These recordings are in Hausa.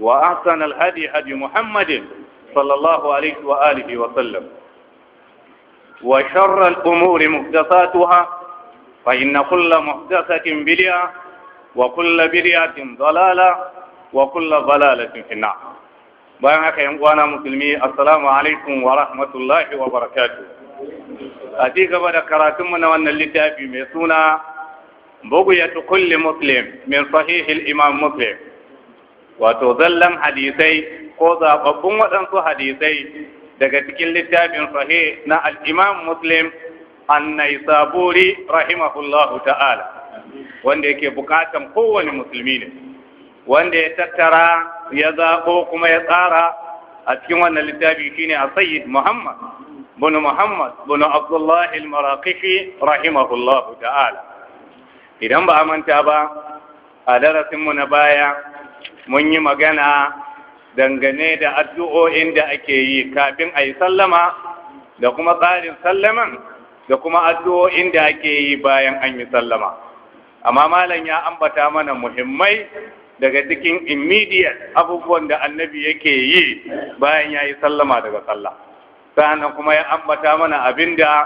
وأحسن الهدي هدي محمد صلى الله عليه وآله وسلم وشر الأمور محدثاتها فإن كل محدثة بدعة وكل بدعة ضلالة وكل ضلالة في النار bayan haka yan uwana musulmi assalamu alaikum wa rahmatullahi wa barakatuh a ci gaba da karatunmu na wannan littafi mai suna buguyatu kulli muslim min sahihil imam muslim wato zallan hadisai ko zababbun waɗansu hadisai daga cikin littafin sahi na alimam imam Muslim an rahimahullahu ta'ala wanda yake bukatan kowane musulmi ne wanda ya tattara ya zaɓo kuma ya tsara a cikin wannan littafi shine a sayyid muhammad bin muhammad bin Abdullahi al rahimahullahu ta'ala idan ba a manta ba a darasinmu na baya mun yi magana dangane da addu'o'in da ake yi kafin a yi sallama da kuma tsarin sallaman da kuma addu'o'in da ake yi bayan an yi sallama amma malam ya ambata mana muhimmai daga cikin immediate abubuwan da annabi yake yi bayan ya yi sallama daga sallah Sannan kuma ya ambata mana abin da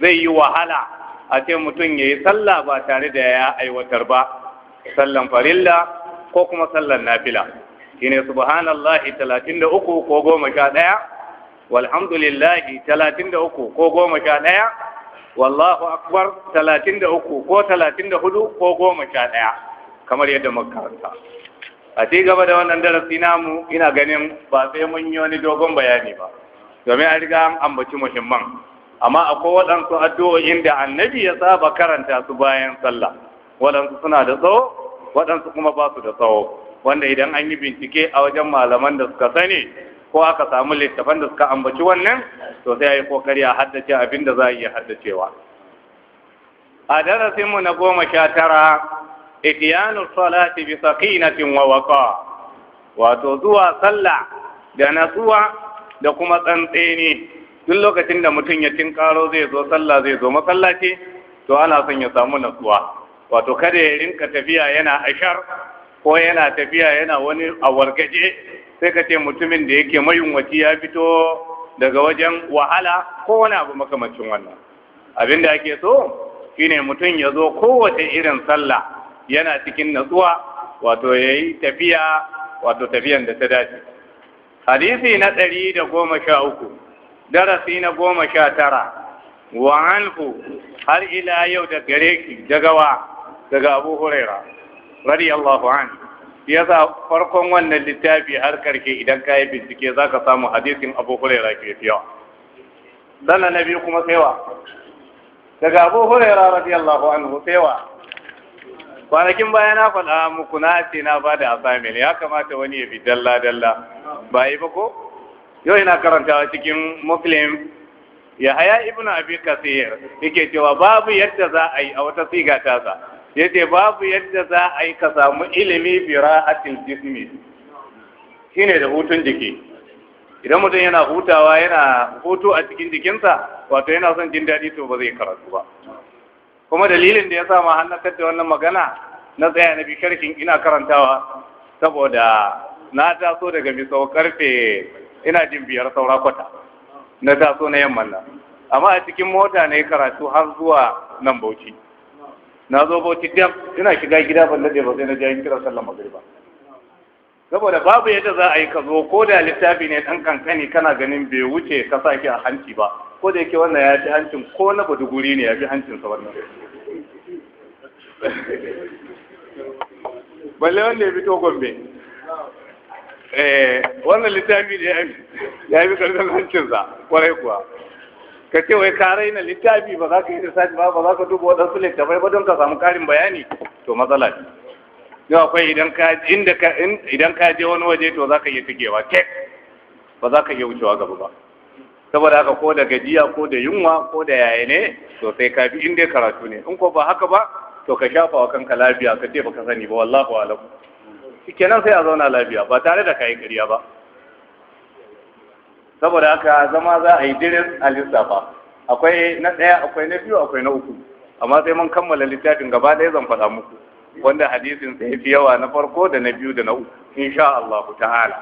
zai yi wahala a ce mutum ya yi sallah ba tare da ya aiwatar ba sallan farilla ko kuma sallar nafila ne subhanallahi 33 ko 11 walhamdulillahi 33 ko 11 wallahu akbar 33 ko 34 ko 11 kamar yadda muka karanta a ci gaba da wannan darasi namu ina ganin ba sai mun yi wani dogon bayani ba domin a riga an ambaci muhimman amma akwai waɗansu addu'o'in da annabi ya saba karanta su bayan sallah waɗansu suna da tsawo waɗansu kuma ba su da tsawo wanda idan an yi bincike a wajen malaman da suka sani ko aka samu littafan da suka ambaci wannan to sai a yi kokari a haddace abin da za a iya haddacewa a darasin mu na goma sha tara itiyanu salati bi sakinatin wa waqa wato zuwa sallah da natsuwa da kuma tsantseni duk lokacin da mutum ya tinkaro zai zo sallah zai zo masallaci to ana son ya samu natsuwa wato kada ya rinka tafiya yana ashar ko yana tafiya yana wani awargaje sai ka ce mutumin da yake mayunwaci ya fito daga wajen wahala ko wani abu makamancin wannan abin da ake so shine mutum ya zo kowace irin sallah yana cikin natsuwa wato ya yi tafiya wato tafiyan da ta dace hadisi na ɗari da goma sha uku darasi na goma sha tara wa har ila yau da gare ki dagawa daga abu huraira radiyallahu an yasa farkon wannan littafi har karke idan ka yi bincike za ka samu hadisin abu huraira ke fiya dana na biyu kuma saiwa daga abu huraira radiyallahu anhu saiwa kwanakin baya na faɗa muku na ce na ba da assignment ya kamata wani ya fi dalla dalla ba yi ba ko yau ina karantawa cikin muslim ya haya ibn abi kasir yake cewa babu yadda za a yi a wata siga tasa yace babu yadda za a yi ka samu ilimi a ra'atil jismi ne da hutun jiki idan mutum yana hutawa yana hutu a cikin jikinsa wato yana son jin daɗi to ba zai karatu ba kuma dalilin da ya sa ma hannatar da wannan magana na tsaya na bisharkin ina karantawa saboda na taso daga misau karfe ina jin biyar saura kwata na taso na yamman nan amma a cikin mota na yi karatu har zuwa nan bauchi na zo bauchi dam ina shiga gida ban daɗe ba sai na jayin kira sallar magariba saboda babu yadda za a yi ka zo ko da littafi ne ɗan kankani kana ganin bai wuce ka sa sake a hanci ba ko da yake wannan ya fi hancin ko na baduguri ne ya fi hancinsa wannan balle wanda ya fito gombe eh, wannan littafi ne ya fi karfin hancinsa kwarai kuwa ka ce wai ka raina littafi ba za ka yi research ba ba za ka duba waɗansu littafai ba don ka samu ƙarin bayani to matsala ne yau akwai idan ka inda ka idan ka je wani waje to za ka iya tigewa kek. ba za ka iya wucewa gaba ba saboda haka ko da gajiya ko da yunwa ko da yaya ne to sai ka bi inda karatu ne in ko ba haka ba to ka shafa wa kanka lafiya ka ce baka sani ba wallahu alam kenan sai a zauna lafiya ba tare da yi ƙarya ba saboda haka zama za a yi dirin a lissafa akwai na ɗaya akwai na biyu akwai na uku amma sai mun kammala littafin gaba ɗaya zan faɗa muku wanda hadisin sai fi yawa na farko da na biyu da na uku insha Allah ta'ala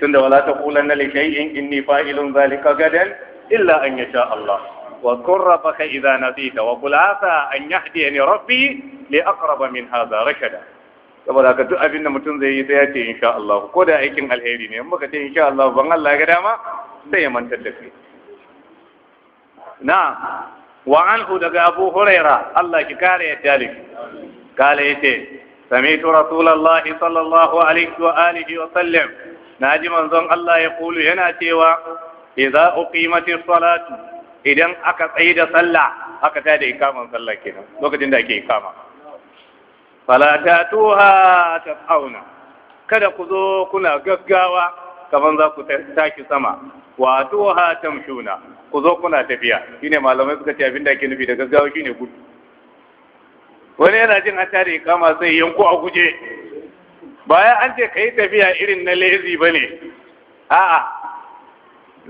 tunda wala kula na shay'in inni fa'ilun zalika gadan illa an yasha Allah wa kun ka idza nasita wa kula asa an yahdiyani rabbi li aqraba min hadha rashada saboda ka duk abin da mutum zai yi sai ya ce insha Allah ko da aikin alheri ne in muka ce insha Allah ban Allah ga dama sai ya manta da kai na wa anhu daga Abu Huraira Allah ki kare ya dalik kale yace sami'tu rasulullahi sallallahu alaihi wa alihi wa sallam naji manzon Allah ya kulu yana cewa idza uqimati salatu idan aka tsayi da sallah aka tada ikaman sallah kenan lokacin da ake ikama falata tuha ta fauna kada ku zo kuna gaggawa kamar za ku tashi sama wa tuha tamshuna ku zo kuna tafiya shine malamai suka ce abin da nufi da gaggawa shine gudu wani yana jin an tare kama sai yanku a guje bayan an ce ka yi tafiya irin na lezi ba ne a'a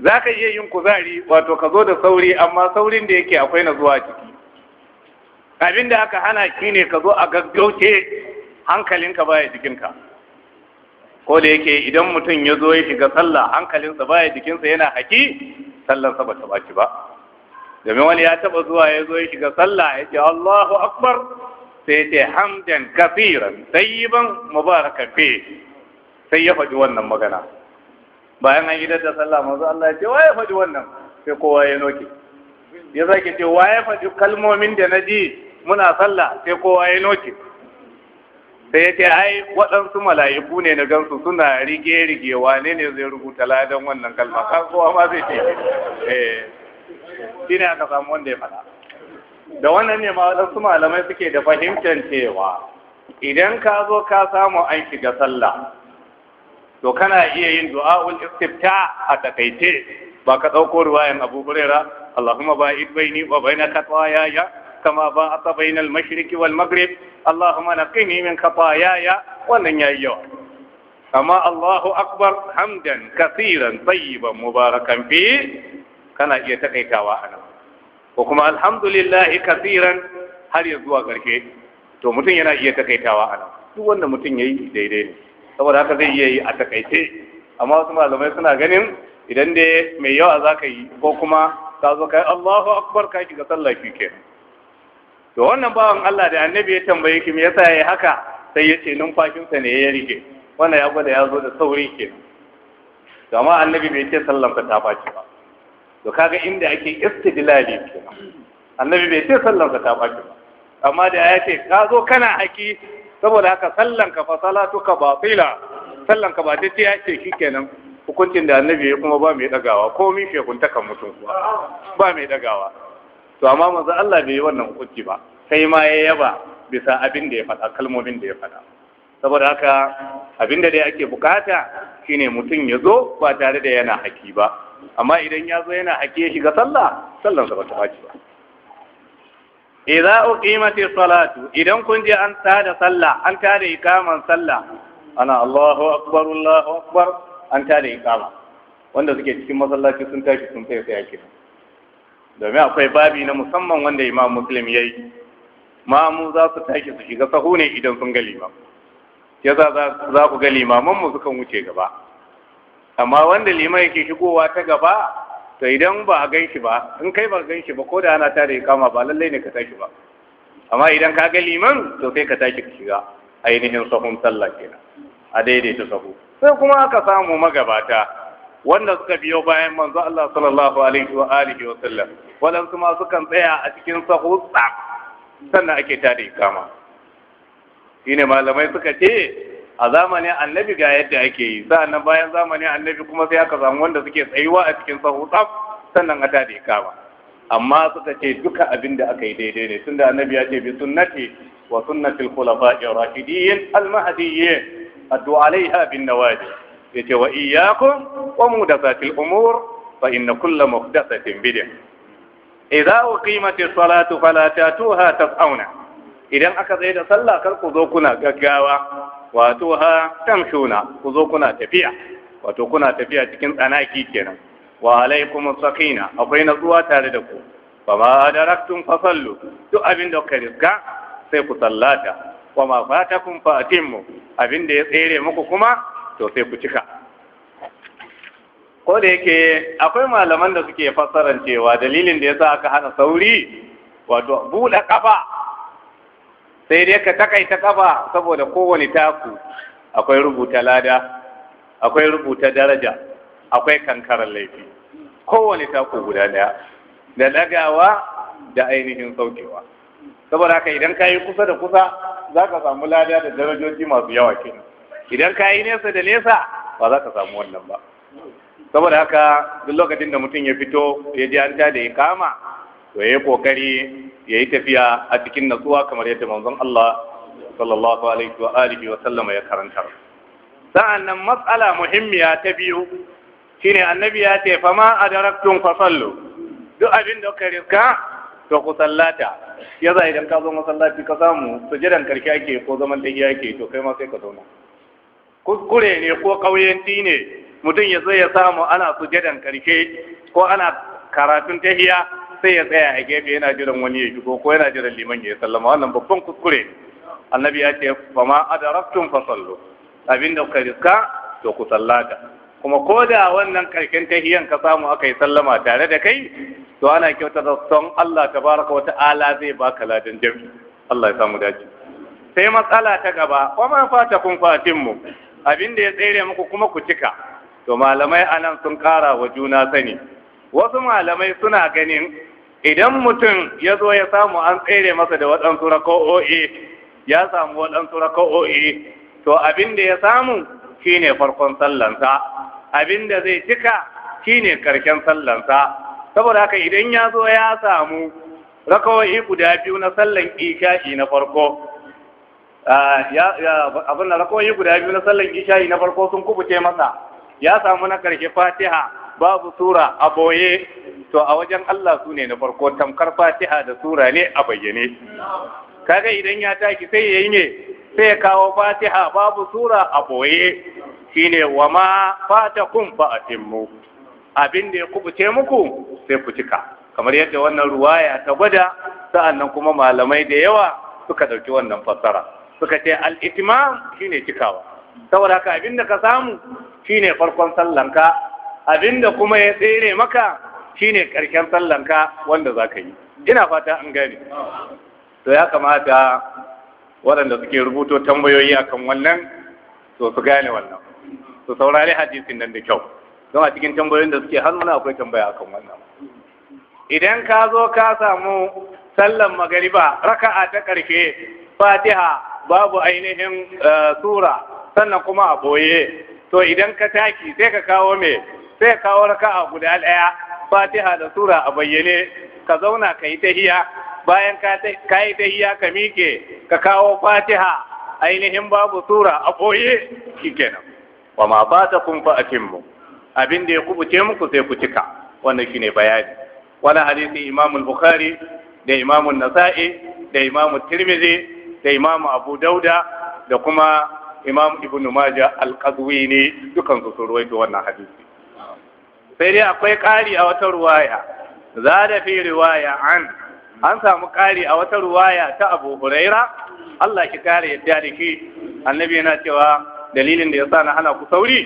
za ka iya yin kuzari wato ka zo da sauri amma saurin da yake akwai na zuwa ciki abin da aka hana shi ne ka zo a gaggauce hankalinka baya jikinka ko da yake idan mutum ya zo ya shiga sallah hankalinsa baya jikinsa yana haki sallansa ba ta baci ba domin wani ya taba zuwa ya zo ya shiga sallah ya ce Allahu akbar sai ya ce hamdan kafiran tayyiban mubarakan fi sai ya faɗi wannan magana bayan an idar da sallah mazu Allah ya ce wa ya faɗi wannan sai kowa ya noke ya sake ce ya faɗi kalmomin da na ji muna sallah sai kowa ya noke sai yake ai waɗansu mala'iku ne na gansu suna rige-rige wane ne zai rubuta ladan wannan kalma kan kowa ma zai ce eh shi ne aka samu wanda ya faɗa da wannan ne ma waɗansu malamai suke da fahimtar cewa idan ka zo ka samu an shiga sallah to kana iya yin du'a'ul istifta a takaice ba ka ɗauko ruwayan abu hurera Allahumma ba'id baini wa baina katwaya ya كما باعت بين المشرق والمغرب اللهم نقني من خطاياي ولن يأيوه أما الله أكبر حمدا كثيرا طيبا مباركا فيه كان يتقيك وأنا وكما الحمد لله كثيرا هل يزوى كرشي to mutum yana iya takaitawa a nan duk wanda mutum ya yi daidai ne saboda haka zai iya yi a takaice amma wasu malamai suna ganin idan dai mai yawa za ka yi ko kuma ka zo kai Allahu akbar ka shiga sallah shi kenan to wannan bawan Allah da annabi ya tambaye ki me yasa yayi haka sai ya ce numfashinsa ne ya rike wannan ya gwada ya zo da sauri ke to amma annabi bai ce sallan ta baci ba to kaga inda ake istidlali ke annabi bai ce sallan ta baci ba amma da ya ce ka zo kana haki saboda haka sallan ka fa ka batila sallan ka ba ta ce ya ce shikenan hukuncin da annabi ya kuma ba mai dagawa komi shekunta kan mutum kuwa ba mai dagawa to amma manzo Allah bai yi wannan hukunci ba sai ma ya yaba bisa abin da ya faɗa kalmomin da ya faɗa saboda haka abin da dai ake bukata shine mutum ya zo ba tare da yana haki ba amma idan ya zo yana haki ya shiga sallah sallansa ba ta ba idza uqimatis salatu idan kun je an tada sallah an tada ikaman sallah ana Allahu akbar Allahu akbar an tada ikama wanda suke cikin masallaci sun tashi sun tsaya sai ake domin akwai babi na musamman wanda imam muslim ya yi mamu za su tashi su shiga sahu ne idan sun ga limam ya za ku ga limamanmu sukan wuce gaba amma wanda liman yake shigowa ta gaba to idan ba a gan shi ba in kai ba gan shi ba ko da ana tare da kama ba lallai ne ka tashi ba amma idan ka ga liman to sai ka tashi ka shiga ainihin sahun sallah kenan a daidaita sahu sai kuma aka samu magabata wanda suka biyo bayan manzo Allah sallallahu alaihi wa alihi wa sallam waɗansu ma sukan tsaya a cikin sahu tsaf sannan ake tada ikama shine malamai suka ce a zamanin annabi ga yadda ake yi sannan bayan zamanin annabi kuma sai aka samu wanda suke tsayuwa a cikin sahu tsaf sannan a tada kama. amma suka ce duka abin da aka yi daidai ne tunda annabi ya ce bi sunnati wa sunnatil khulafa'ir rashidin al mahdiyyin addu alaiha bin nawajib yace wa iyyakum wa muhdathatil umur fa inna kulla muhdathatin bid'ah idza uqimatis salatu fala tatuha tas'auna idan aka tsaye da sallah kar ku zo kuna gaggawa wato ha tamshuna ku zo kuna tafiya wato kuna tafiya cikin tsanaki kenan wa alaikum sakina akwai natsuwa tare da ku fa ma daraktum fa sallu duk abin da kuka riska sai ku sallata wa ma fatakum fa atimmu abin da ya tsere muku kuma to sai ku cika ko da yake akwai malaman da suke fassarar cewa dalilin da yasa aka hana sauri wato buɗe kafa sai dai ka takaita kafa saboda kowane taku akwai rubuta lada akwai rubuta daraja akwai kankarar laifi kowane taku guda daya da lagawa da ainihin saukewa saboda haka idan ka yi kusa da kusa za ka samu lada da darajoji masu yawa kenan idan ka yi nesa da nesa ba za ka samu wannan ba saboda haka duk lokacin da mutum ya fito ya ji an da ya kama to ya yi kokari ya yi tafiya a cikin natsuwa kamar yadda manzon Allah sallallahu alaihi wa wa sallama ya karantar sa'annan matsala muhimmiya ta biyu shine annabi ya ce fama adaraktum fa sallu duk abin da ka riska to ku sallata ya za idan ka zo masallaci ka samu sujudan karshe ake ko zaman da ake to kai ma sai ka zauna kuskure ne ko kauyanci ne mutum ya zai ya samu ana sujadan karshe ko ana karatun tahiya sai ya tsaya a gefe yana jiran wani ya shigo ko yana jiran liman ya sallama wannan babban kuskure annabi ya ce fa ma adaraktum fa sallu abin da kuka riska to ku sallata kuma ko da wannan karshen tahiyan ka samu aka yi sallama tare da kai to ana kyauta da son Allah tabaraka wa ta'ala zai baka ladan jami'i Allah ya samu dace sai matsala ta gaba kuma ma fata kun fatin mu abin da ya tsere muku kuma ku cika to malamai anan sun kara wa juna sani wasu malamai suna ganin idan mutum ya zo ya samu an tsere masa da waɗansu rako'o'i ya samu waɗansu rako'o'i to abin da ya samu shine farkon sallansa abin da zai cika shine karshen sallansa saboda haka idan ya zo ya samu rako'o'i guda biyu na sallan isha'i na farko Ah, abin da rakoyi guda biyu na sallan gishayi na farko sun kubuce masa ya samu na karshe fatiha babu sura a boye to a wajen Allah su ne na farko tamkar fatiha da sura ne a bayyane kaga idan ya taki sai ya yi ne sai ya kawo fatiha babu sura a boye shine wa ma fata kun ba a atimmu abin da ya kubuce muku sai ku cika kamar yadda wannan ruwaya ta gwada sa'annan kuma malamai da yawa suka ɗauki wannan fassara suka ce al'itima ne cikawa saboda haka da ka samu shi ne farkon sallanka abin da kuma ya tsere maka shi ne ƙarshen sallanka wanda za ka yi ina fata an gani. to ya kamata waɗanda suke rubuto tambayoyi akan wannan to su gane wannan su saurari hadisin nan da kyau don a cikin tambayoyin da suke hannuna akwai tambaya akan wannan idan ka zo ka samu sallan magariba raka'a ta ƙarshe fatiha babu ainihin eh, sura sannan kuma a boye to idan ka taki sai ka kawo me sai ka kawo raka'a guda ɗaya fatiha da sura a bayyane ka zauna ka yi tahiya bayan ka yi tahiya ka miƙe ka kawo fatiha ainihin babu sura a boye shikenan wa ma fatakum fa atimmu abin da ya kubuce muku sai ku cika wannan shine bayani Wani hadisi imam al-bukhari da imam nasai da imam tirmidhi da imamu abu dauda da kuma imam ibn maja al ne dukan su sun ruwaito wannan hadisi sai dai akwai ƙari a wata ruwaya za da fi ruwaya an an samu ƙari a wata ruwaya ta abu huraira Allah ki kare yadda da ki annabi yana cewa dalilin da sa na hana ku sauri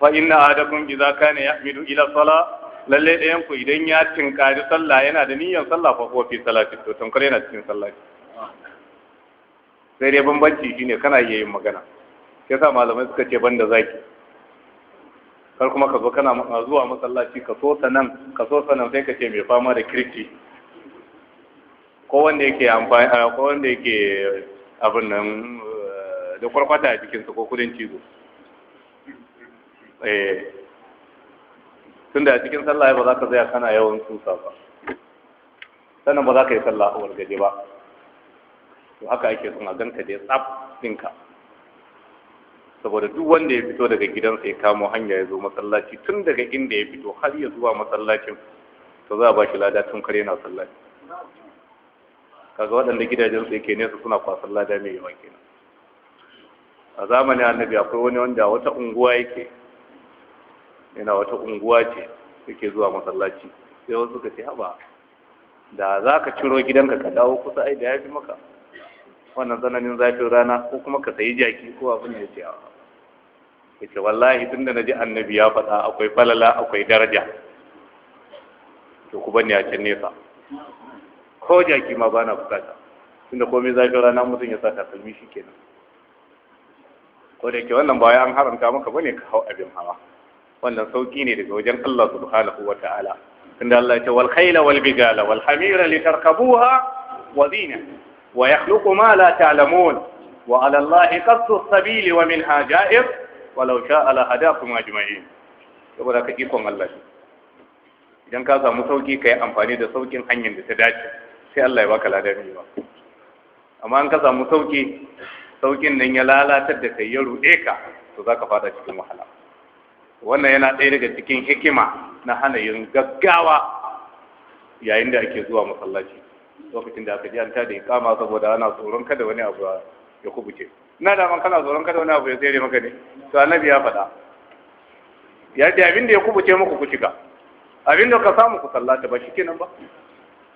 fa inna adakum idza kana yahmidu ila sala lalle ɗayan ku idan ya tinkari sallah yana da niyyar sallah fa huwa fi salati to tunkar yana cikin sallah sai dai bambanci shine kana iya yin magana sai sa malamai suka ce banda zaki kar kuma ka zo kana zuwa masallaci ka so sanan ka so sanan sai ka ce mai fama da kirki ko wanda yake amfani ko wanda yake abin nan eh, da kwarkwata a cikin ko kudin cizo eh tunda a cikin sallah ba za ka tsaya kana yawan tsusa ba sannan ba za ka yi sallah a wargaje ba to haka ake son a ganka da ya tsaf ɗinka saboda duk wanda ya fito daga gidansa ya kamo hanya ya zo masallaci tun daga inda ya fito har ya zuwa masallacin to za a ba shi lada tun kare na sallaci kaga waɗanda gidajensu yake nesa suna kwasan lada mai yawan kenan a zamanin annabi akwai wani wanda wata unguwa yake yana wata unguwa ce yake zuwa masallaci sai wasu suka ce haba da za ka ciro gidanka ka dawo kusa ai da ya fi maka wannan tsananin zafin rana ko kuma ka sayi jaki ko abin da ce ya ce wallahi tun da na ji annabi ya faɗa akwai falala akwai daraja to ku bani a can nesa ko jaki ma ba na bukata tunda komai zafin rana mutum ya sa takalmi shi kenan ko da ke wannan baya an haramta maka bane ka hau abin hawa wannan sauki ne daga wajen Allah subhanahu wa ta'ala tunda Allah ya ce wal khayla wal bigala wal hamira litarkabuha wa zina ويخلق ما لا تعلمون وعلى الله قصد السبيل ومنها جائر ولو شاء لهداكم أجمعين saboda ka ikon Allah idan ka samu sauki ka yi amfani da saukin hanyar da ta dace sai Allah ya baka ladan ba amma an ka samu sauki saukin nan ya lalatar da kai ya ruɗe ka to za ka fada cikin wahala wannan yana ɗaya daga cikin hikima na hana yin gaggawa yayin da ake zuwa masallaci lokacin da aka ji an tada ikama saboda ana tsoron kada wani abu ya kubuce ina da man kana tsoron kada wani abu ya tsere maka ne to annabi ya faɗa ya ce abin da ya kubuce muku ku shiga abin da ka samu ku sallata ba shikenan ba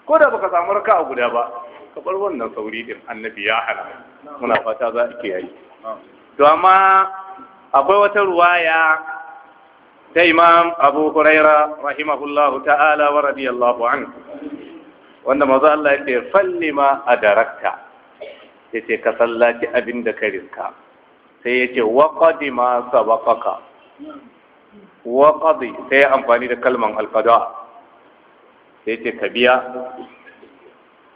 ko da baka samu raka a guda ba ka bar wannan sauri din annabi ya hana muna fata za ki yayi to amma akwai wata ruwaya ta imam abu huraira rahimahullahu ta'ala wa radiyallahu anhu wanda mazu Allah ya ce falli ma a darakta ya ce ka sallaci abin da ka riska sai ya ce waƙadi ma sabakaka waƙadi sai ya amfani da kalman alƙada sai ce ka biya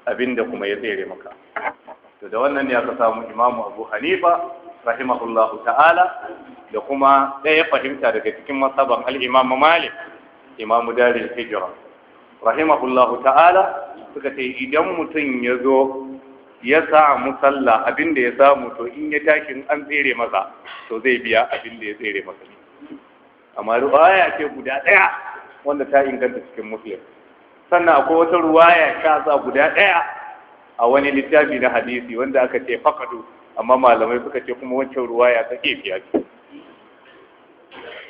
abin da kuma ya tsere maka to da wannan ne aka samu imamu abu hanifa rahimahullahu ta'ala da kuma ɗaya fahimta daga cikin masaban al'imamu malik imamu darin hijira rahimahullahu ta'ala suka ce idan mutum ya zo ya samu sallah abinda ya samu to in ya tashi an tsere masa to zai biya abin ya tsere masa amma ruwaya ce guda ɗaya wanda ta inganta cikin muslim sannan akwai wata ruwaya ta sa guda ɗaya a wani littafi na hadisi wanda aka ce fakadu amma malamai suka ce kuma wancan ruwaya ta ke fiya ce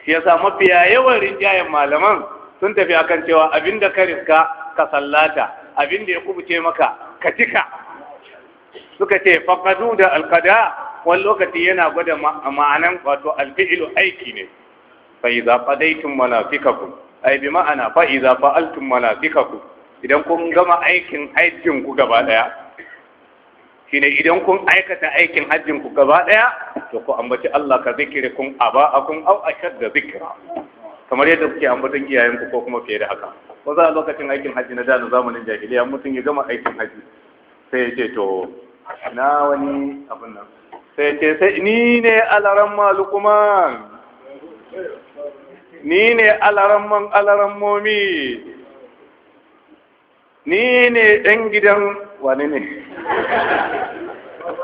shi sa mafiya yawan rinjayen malaman sun tafi akan cewa abinda ka riska ka sallata abinda ya kubuce maka ka cika suka ce faqadu da alƙada wani lokaci yana gwada ma'anan wato alfi'ilu aiki ne fa idza qadaytum manasikakum ai bi ma'ana fa idza fa'altum manasikakum idan kun gama aikin aikin ku gaba daya shine idan kun aikata aikin hajjin ku gaba daya to ku ambaci Allah ka zikirikum aba'akum aw ashadda zikra kamar yadda kuke ambaton iyayenku ko kuma fiye da haka za a lokacin aikin hajji na da na zamanin jahiliya mutum ya gama aikin hajji sai ya ce to na wani abin nan sai ce sai ni ne alaran malukuman ni ne alaran man alaran momi ni ne ɗan gidan wani ne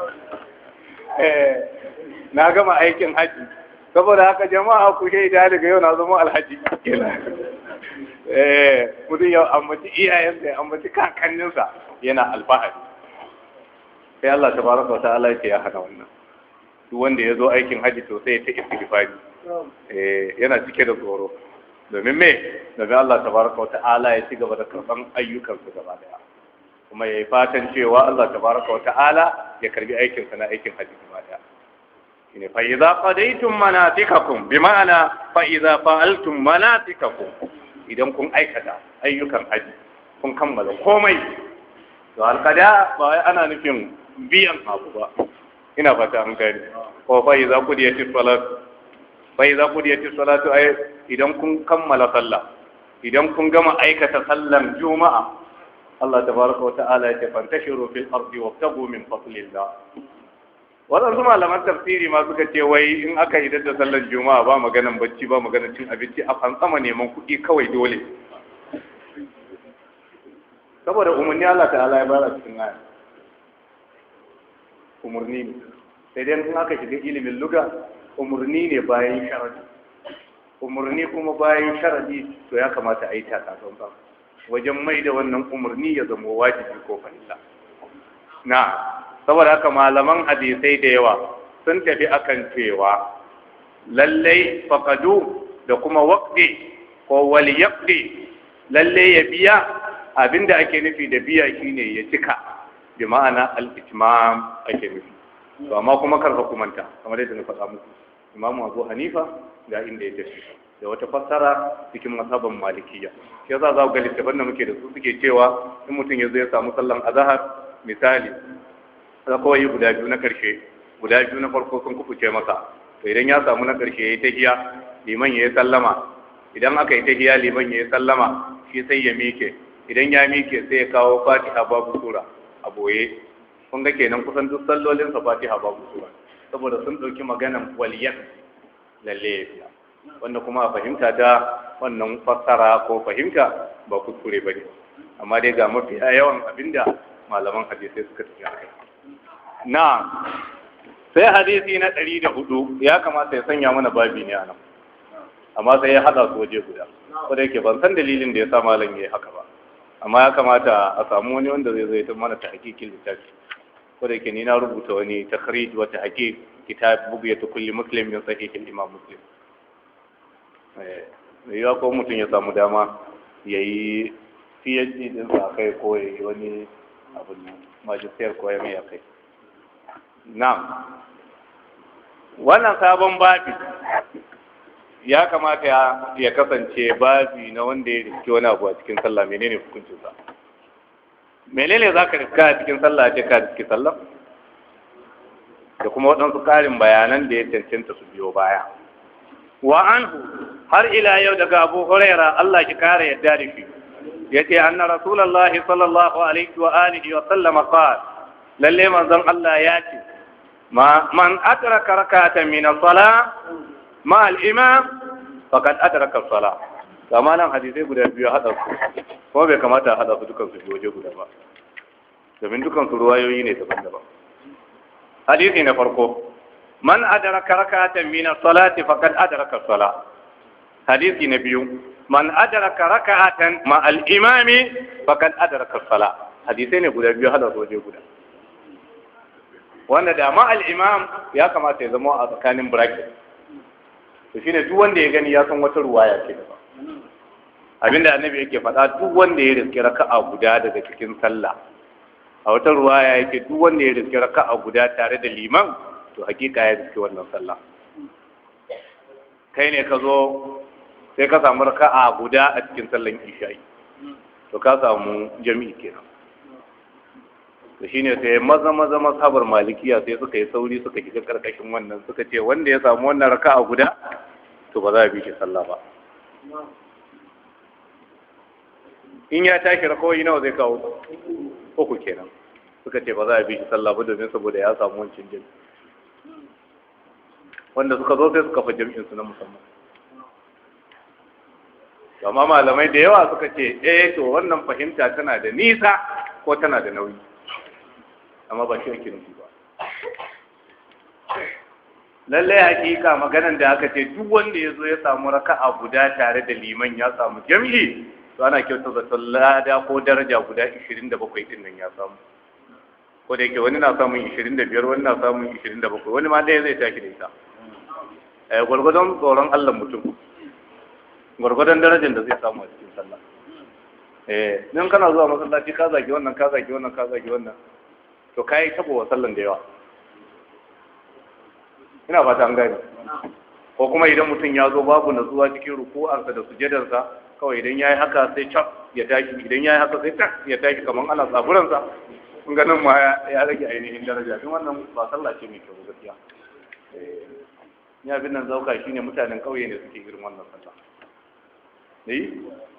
eh, na gama aikin hajji saboda haka jama'a ku shaida daga yau na zama alhaji eh mutum ya ambaci iyayensa ya ambaci kakanninsa yana alfahari sai Allah ta tabaraka ta'ala ya ce ya hana wannan duk wanda ya zo aikin haji to sai ta istighfari eh yana cike da tsoro domin me domin Allah ta tabaraka ta'ala ya ci gaba da karban ayyukansu gaba daya kuma ya yi fatan cewa Allah ta tabaraka ta'ala ya karbi aikinsa na aikin haji shine fa idza qadaytum manatikakum bima'ana ma'ana fa idza fa'altum manatikakum idan kun aikata ayyukan haji kun kammala komai to alqada ba ana nufin biyan abu ba ina fata an gani ko fa idza qudiyatis salat fa idza qudiyatis salatu ay idan kun kammala sallah idan kun gama aikata sallan juma'a Allah tabaraka wa ta'ala ya tafantashiru fil ardi wabtagu min fadlillah waɗansu malaman tafsiri ma suka ce wai in aka yi da sallar juma'a ba maganan bacci ba maganan cin abinci a fantsama neman kuɗi kawai dole saboda umarni Allah ta'ala ya bara cikin aya umarni ne sai dai in aka shiga ilimin luga umarni ne bayan sharadi umarni kuma bayan sharadi to ya kamata a yi kasan ba wajen mai da wannan umarni ya zama wajibi ko fahimta na saboda haka malaman hadisai da yawa sun tafi akan cewa lallai faqadu da kuma waqdi ko wal yaqdi lallai ya biya abinda ake nufi da biya shine ya cika bi ma'ana al-itmam ake nufi to amma kuma kar ka kumanta kamar yadda na faɗa muku imamu abu hanifa da inda ya tafi da wata fassara cikin masaban malikiya shi yasa za ku ga littafan da muke da su suke cewa in mutum ya zo ya samu sallan azhar misali rakawai guda biyu na karshe guda biyu na farko sun kufuce masa to idan ya samu na karshe ya yi tahiya liman ya yi sallama idan aka yi tahiya liman ya yi sallama shi sai ya mike idan ya mike sai ya kawo fatiha babu sura a boye kun ga kenan kusan duk sallolin sa fatiha babu sura saboda sun dauki maganan waliyan lalle ya wanda kuma a fahimta da wannan fassara ko fahimta ba kuskure ba ne. amma dai ga mafi yawan abinda malaman hadisai suka tafi a kai na sai hadisi na ɗari da hudu ya kamata ya sanya mana babi ne a nan amma sai ya haɗa su waje guda wadda yake ban san dalilin da ya sa malam ya yi haka ba amma ya kamata a samu wani wanda zai zai mana ta hakikin littafi wadda yake ni rubuta wani takhrij wa tahqiq kitab ta kulli muslim min sahih imam muslim eh yiwa ko mutum ya samu dama yayi PhD ɗin sa kai ko yi wani abin majistiyar koyar ko ya kai na'am wannan sabon babi ya kamata ya kasance babi na wanda ya riski wani abu a cikin sallah menene hukuncin sa menene za ka riska a cikin sallah ce ka riski sallah da kuma waɗansu ƙarin bayanan da ya cancanta su biyo baya wa anhu har ila yau daga abu huraira Allah ki kare yadda da shi Ya yace anna Rasulallah sallallahu alaihi wa alihi wa sallama qala lalle manzon Allah ya ce ما من أدرك ركعة من الصلاة مع الإمام فقد أدرك الصلاة kama hadisai guda biyu haɗa su kuma bai kamata a haɗa su dukansu biyu waje guda ba domin dukansu ruwayoyi ne daban-daban hadisi na farko man adraka rak'atan min as-salati faqad adraka as-salah hadisi na biyu man adraka rak'atan ma al-imami faqad adraka as hadisai ne guda biyu haɗa su waje guda wanda da ma al'imam ya kamata ya zama a tsakanin bracket to ne duk wanda ya gani ya san wata ruwaya ce daban abinda annabi yake faɗa duk wanda ya riske a guda daga cikin sallah a wata ruwaya yake duk wanda ya riske a guda tare da liman to hakika ya riske wannan sallah kai ne ka zo sai ka samu a guda a cikin sallan isha'i to ka samu jami'i kenan to shine sai maza maza masabar malikiya sai suka yi sauri suka shiga karkashin wannan suka ce wanda ya samu wannan raka'a guda to ba za a bi shi sallah ba in ya tashi wani nawa zai kawo uku kenan suka ce ba za a bi shi sallah ba domin saboda ya samu wancin jin wanda suka zo sai suka fa jam'in su na musamman amma malamai da yawa suka ce eh to wannan fahimta tana da nisa ko tana da nauyi amma ba shi ake nufi ba lallai hakika maganan da aka ce duk wanda ya zo ya samu raka'a guda tare da liman ya samu jam'i to ana kyauta da lada ko daraja guda 27 din nan ya samu ko da yake wani na samun 25 wani na samun 27 wani ma ɗaya zai tashi da ita eh gwargwadon tsoron Allah mutum gwargwadon darajar da zai samu a cikin sallah eh nan kana zuwa masallaci ka zagi wannan ka zagi wannan ka zagi wannan to kayi tabo wa sallan da yawa ina fata an gani. ko kuma idan mutum ya zo babu natsuwa cikin ruku'arsa da sujadarsa kawai idan ya yi haka sai cap ya tashi idan ya yi haka sai tak ya tashi kamar ana tsaburansa kun ganin ma ya rage ainihin daraja kuma wannan ba sallah ce mai kyau gaskiya eh, ni abin nan zauka shine mutanen kauye ne suke irin wannan sallah ne eh?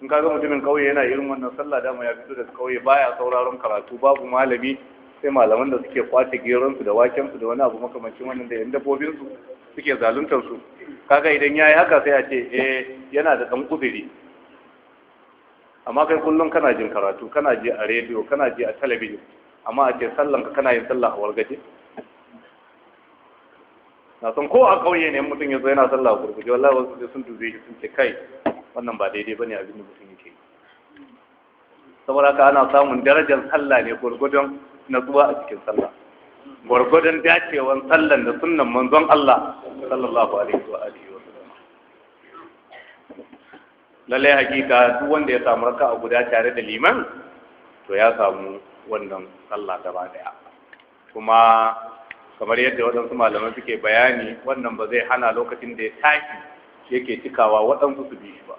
in ka ga mutumin kauye yana irin wannan sallah dama ya fito da kauye baya sauraron karatu babu malami sai malaman da suke kwace geronsu da wakensu da wani abu makamancin wannan da yan dabbobinsu suke zaluntar su kaga idan yayi haka sai a ce eh yana da dan kuzuri amma kai kullum kana jin karatu kana ji a rediyo kana ji a talabijin amma a ce sallan ka kana yin sallah a wargaje na san ko a kauye ne mutum ya zo yana sallah a gurguje wallahi wasu sun dubi shi sun ce kai wannan ba daidai ba ne abin da mutum yake saboda ka ana samun darajar sallah ne gurgudun natsuwa a cikin sallah gwargwadon dacewan sallan da sunan manzon Allah sallallahu alaihi wa alihi wa sallam lalle hakika duk wanda ya samu raka'a guda tare da liman to ya samu wannan sallah gaba daya kuma kamar yadda waɗansu malaman suke bayani wannan ba zai hana lokacin da ya tashi yake cikawa waɗansu su bi shi ba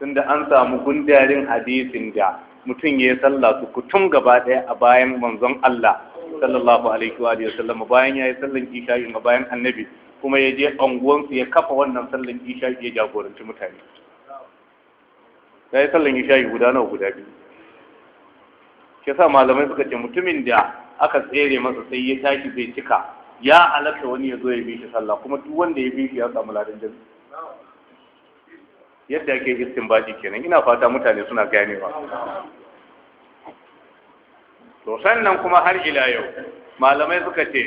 tunda an samu gundarin hadisin da mutum ya yi sallah su kutum gaba ɗaya a bayan manzon Allah sallallahu alaihi wa sallam bayan ya yi sallan isha'i ma bayan annabi kuma ya je anguwansu ya kafa wannan sallan isha'i ya jagoranci mutane ya yi sallan isha'i guda nawa guda biyu ke sa malamai suka ce mutumin da aka tsere masa sai ya tashi bai cika ya alaka wani ya zo ya bi shi sallah kuma duk wanda ya bi shi ya samu ladan jami'a yadda ake istinbadi kenan ina fata mutane suna ganewa to sannan kuma har ila yau malamai suka ce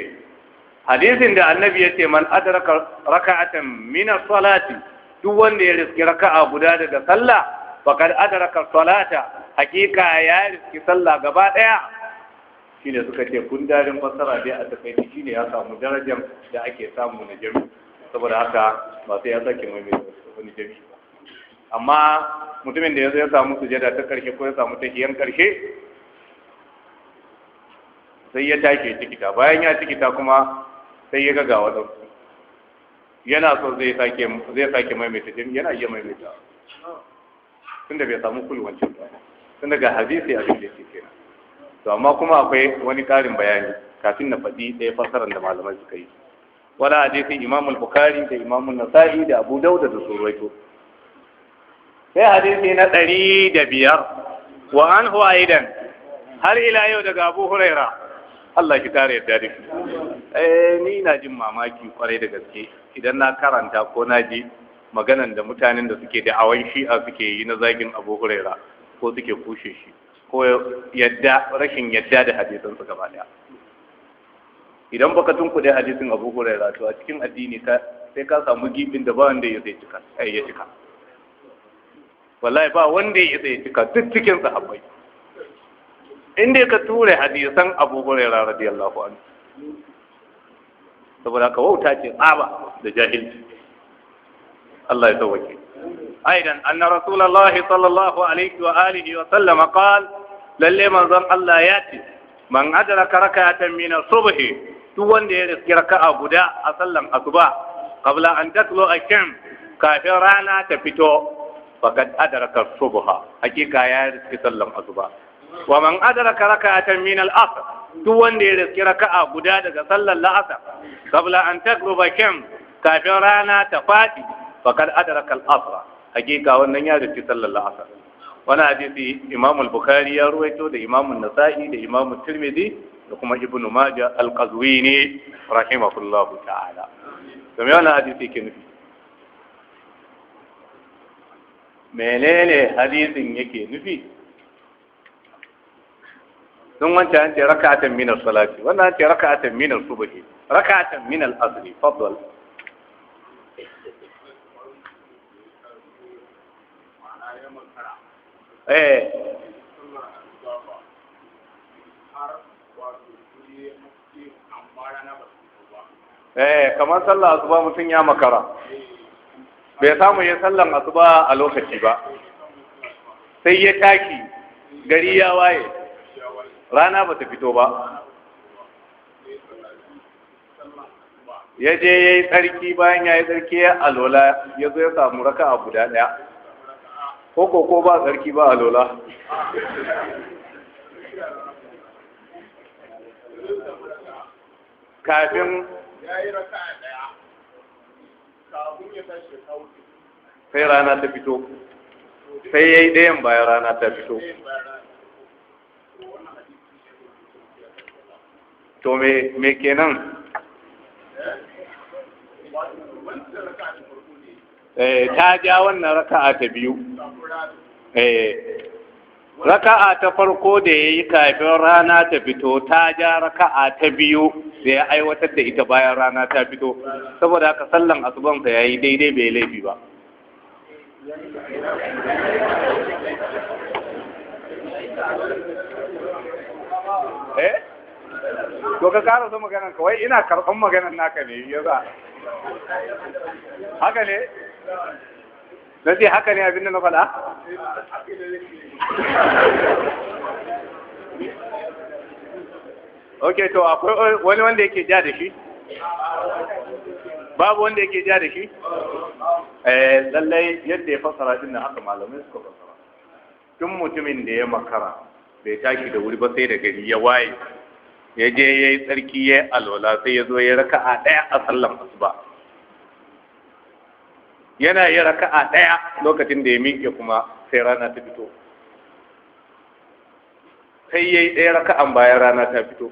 hadisin da annabi ya ce man adraka raka'atan min as-salati duk wanda ya riski raka'a guda daga sallah faqad adraka salata hakika ya riski sallah gaba daya shine suka ce kun darin fasara dai a takaici shine ya samu darajar da ake samu na jami'i saboda haka masu sai ya sake mai wani jami'i amma mutumin da ya zai samu sujada ta karshe ko ya samu tahiyan karshe sai ya take tikita bayan ya tikita kuma sai ya gaga wa yana so zai sake zai sake maimaita jin yana iya maimaita tunda bai samu kulwancin ba tunda ga hadisi abin da yake kenan to amma kuma akwai wani karin bayani kafin na faɗi ɗaya fasarar da malamai suka yi wala hadisi imamul bukhari da imamul nasa'i da abu dauda da surwaito sai hadisi na ɗari da biyar wa an idan har ila yau daga abu huraira Allah ki kare yadda duk eh ni na jin mamaki kwarai da gaske idan na karanta ko na ji maganan da mutanen da suke da awan a suke yi na zagin abu huraira ko suke kushe shi ko yadda rashin yadda da hadisan su gaba daya idan baka tunkuɗe hadisin abu huraira to a cikin addini sai ka samu gibin da ba wanda ya cika eh, wallahi ba wanda ya isa cika duk cikin sahabbai ka ture hadisan Abu Hurairah radiyallahu anhu saboda ka wauta ce tsaba da jahilci Allah ya sauke wa alihi manzon Allah ya ce man adraka rak'atan wanda ya riski raka'a guda a sallan asuba qabla an kafin rana ta fito faqad adraka subha hakika ya riski sallan asuba wa man adraka raka'atan min al-asr duk wanda ya riski raka'a guda daga sallar la'asar qabla an tagruba kam kafin rana ta fadi faqad adraka al-asr hakika wannan ya riski sallar la'asar wani hadisi imam al-bukhari ya ruwaito da imam an-nasa'i da imam at-tirmidhi da kuma ibnu majah al-qazwini rahimahullahu ta'ala to me wannan hadisi ke nufi menene hadisin yake nufi Sun wancan an ce raka'atan min as-salati wannan an ce raka'atan min as-subhi raka'atan min al-asri faddal eh eh kamar sallah asuba mutum ya makara bai samu ya sallan ba a lokaci ba sai ya taki gari ya waye rana ba ta fito ba ya je ya yi tsarki bayan ya yi tsarki ya alola ya zo ya samu raka a guda ɗaya ko ko ba tsarki ba alola kafin sai rana ta fito sai ya yi ɗayan bayan rana ta fito to me kenan eh, eh, ta ja wannan raka'a ta biyu raka'a ta farko da ya yi kafin rana ta fito ta ja raka'a ta biyu da ya aiwatar da ita bayan rana ta fito saboda haka sallan asubansa ya yi daidai bai laifi ba eh to ka kara so maganan kawai ina karɓan maganan naka ne yasa haka ne na ce haka ne abin da na faɗa ok to akwai wani wanda yake ja da shi babu wanda yake ja da shi eh lallai yadda ya fasara din nan haka malamai suka fasara tun mutumin da ya makara bai tashi da wuri ba sai da gari ya waye ya je ya yi tsarki ya yi alwala sai ya zo ya raka a ɗaya a sallan asuba yana yi raka'a ɗaya lokacin da ya miƙe kuma sai rana ta fito sai ya yi ɗaya raka'an bayan rana ta fito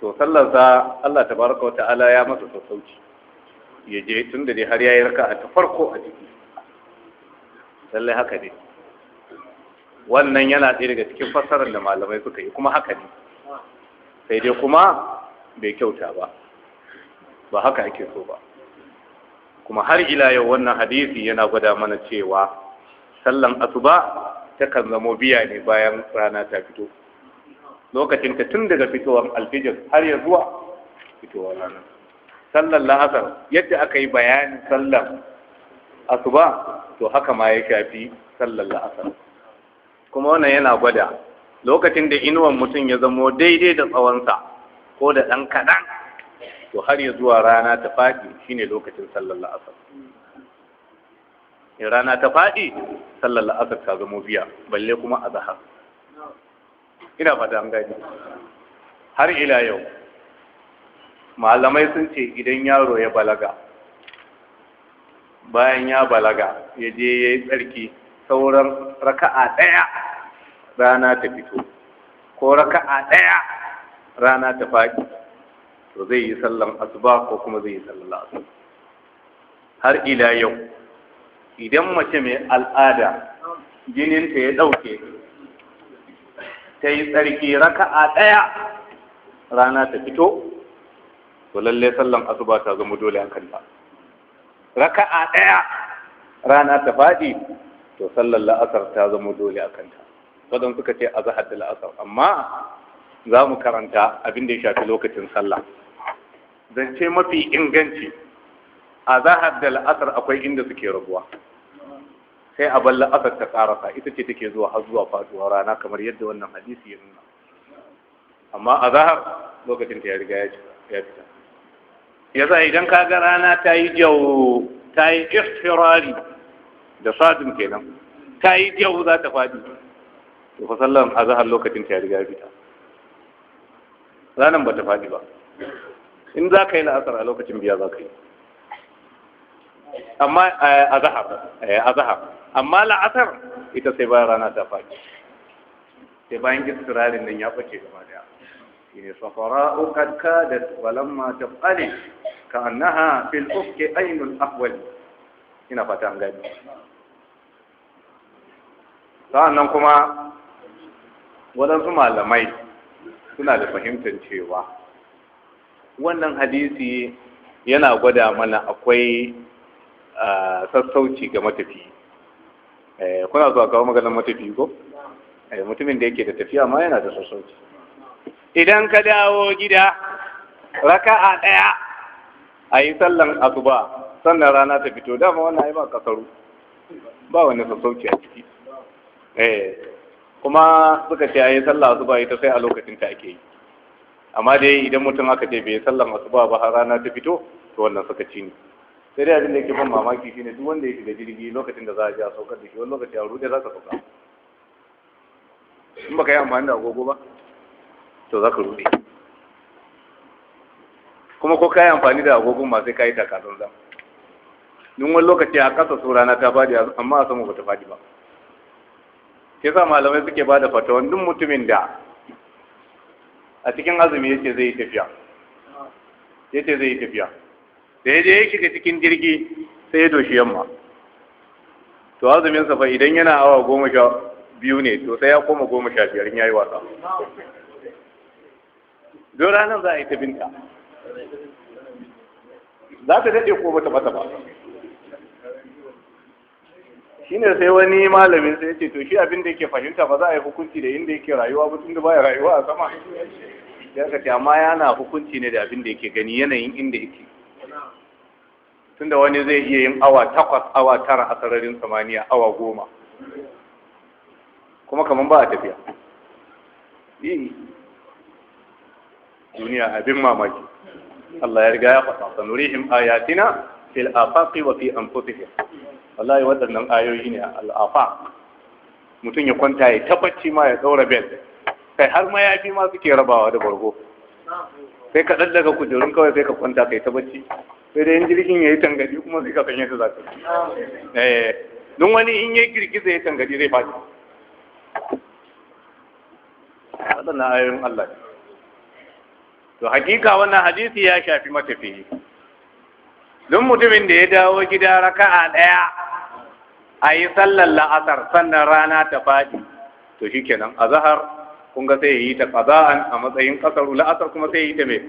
to sallarsa Allah ta baraka wata ala ya masa sassauci ya je tun da har ya yi raka'a ta farko a jiki lallai haka ne wannan yana ɗaya daga cikin fassarar da malamai suka yi kuma haka ne sai dai kuma bai kyauta ba ba haka ake so ba kuma har ila yau wannan hadisi yana gwada mana cewa sallan asuba ta kan zamo biya ne bayan rana ta fito lokacin ta tun daga fitowar alfijir har ya zuwa fitowar rana sallar la'asar yadda aka yi bayanin sallar asuba to haka ma ya shafi sallar la'asar kuma wannan yana gwada lokacin da inuwan mutum ya zamo daidai da tsawonsa ko da ɗan kaɗan to har ya zuwa rana ta faɗi shine lokacin sallar la'asar in rana ta faɗi sallar la'asar ta zamo biya balle kuma a zahar ina fata an gani har ila yau malamai sun ce idan yaro ya balaga bayan ya balaga ya je ya yi tsarki sauran raka'a ɗaya rana ta fito ko raka'a ɗaya rana ta faɗi to zai yi sallan asuba ko kuma zai yi sallan asuba har ila yau idan mace mai al'ada jininta ya ɗauke ta yi tsarki raka'a ɗaya rana ta fito to lalle sallan asuba ta zama dole a kanta raka'a ɗaya rana ta faɗi to sallan la'asar ta zama dole a kanta waɗansu suka ce a zahar da la'asar amma za mu karanta abin da ya shafi lokacin sallah zance mafi inganci a zahar da la'asar akwai inda suke rabuwa sai a balla asar ta karasa ita ce take zuwa har zuwa faduwa rana kamar yadda wannan hadisi ya nuna amma a zahar lokacin ta ya riga ya fita yasa idan ka ga rana ta yi jau ta yi ihtirari da sadin kenan ta yi jau za ta fadi to fa sallan a zahar lokacin ta ya riga ya fita ranan ba ta fadi ba in za ka yi la'asar a lokacin biya za ka yi amma eh, eh, a zahar amma la'asar ita sai bayan rana ta faɗi sai bayan istirarin nan ya fice gaba daya ne safara da kadat walamma tabali ka annaha fil ofke ainihin ahwali ina fata an gani sa'annan kuma waɗansu malamai suna da fahimtar cewa wannan hadisi yana gwada mana akwai sassauci ga matafi eh, kuna zuwa kawo maganin matafi ko eh, mutumin da yake da tafiya ma yana da sassauci idan ka dawo gida raka a ɗaya a yi sallan asuba sannan rana ta fito dama wannan ba kasaru ba wani sassauci a ciki eh, kuma suka ce a yi sallah asuba ita sai a lokacin ta ake yi amma dai idan mutum aka ce bai sallan asuba ba har rana ta fito to wannan sakaci ne sai dai abin da yake ban mamaki shine duk wanda ya shiga jirgi lokacin da za a je a saukar da shi wani lokaci a rude za ka sauka in baka yi amfani da agogo ba to za ka rude kuma ko ka yi amfani da agogon ma sai ka yi taka zan duk wani lokaci a kasa su rana ta fadi amma a sama bata fadi ba ke sa malamai suke ba da fatawan duk mutumin da a cikin azumi yake zai tafiya yace zai yi tafiya da ya je ya shiga cikin jirgi sai ya doshi yamma to azumin safa fa idan yana awa goma sha biyu ne to sai ya koma goma sha biyar in yayi wasa don ranar za a yi ta binta za ta daɗe ko ba ta ba shine sai wani malamin sai ce to shi abin da yake fahimta ba za a yi hukunci da inda yake rayuwa ba tunda baya rayuwa a sama ya ka ce amma yana hukunci ne da abin da yake gani yanayin inda yake tunda wani zai iya yin awa takwas awa tara a sararin samaniya awa goma kuma kamar ba a tafiya duniya abin mamaki Allah ya riga ya faɗa sanurihim ayatina fil afaqi wa fi anfusihim wallahi waɗannan ayoyi ne al afaq mutum ya kwanta ya tabbaci ma ya daura bel kai har ma yafi ma suke rabawa da bargo sai ka daddaka kujerun kawai sai ka kwanta kai tabbaci sai dai in jirgin yayi tangadi kuma sai ka san ta zaka eh don wani in yayi girgiza ya tangadi zai faɗi waɗannan ayoyin Allah to hakika wannan hadisi ya shafi matafiyi don mutumin da ya dawo gida raka a ɗaya a yi sallar la'asar sannan rana ta faɗi to shi kenan a zahar kun ga sai ya yi ta ƙaza'an a matsayin ƙasar la'asar kuma sai ya yi ta mai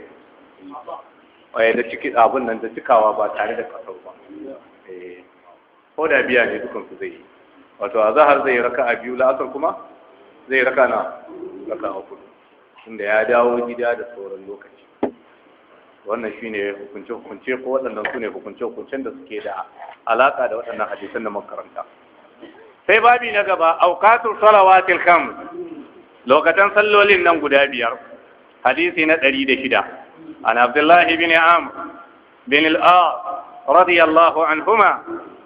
ƙwaye da ciki abin nan da cikawa ba tare da ƙasar ba eh, ko da biya ne dukansu zai yi wato a zahar zai a biyu la'asar kuma zai raka na raka a kudu inda ya dawo gida da sauran lokaci wannan shi ne hukunce hukunce ko waɗannan sune hukunce hukuncen da suke da alaƙa da waɗannan hadisan da makaranta sai babi na gaba auqatul salawatil khams lokacin sallolin nan guda biyar hadisi na ɗari da shida. an abdullahi bin amr bin al-as radiyallahu anhuma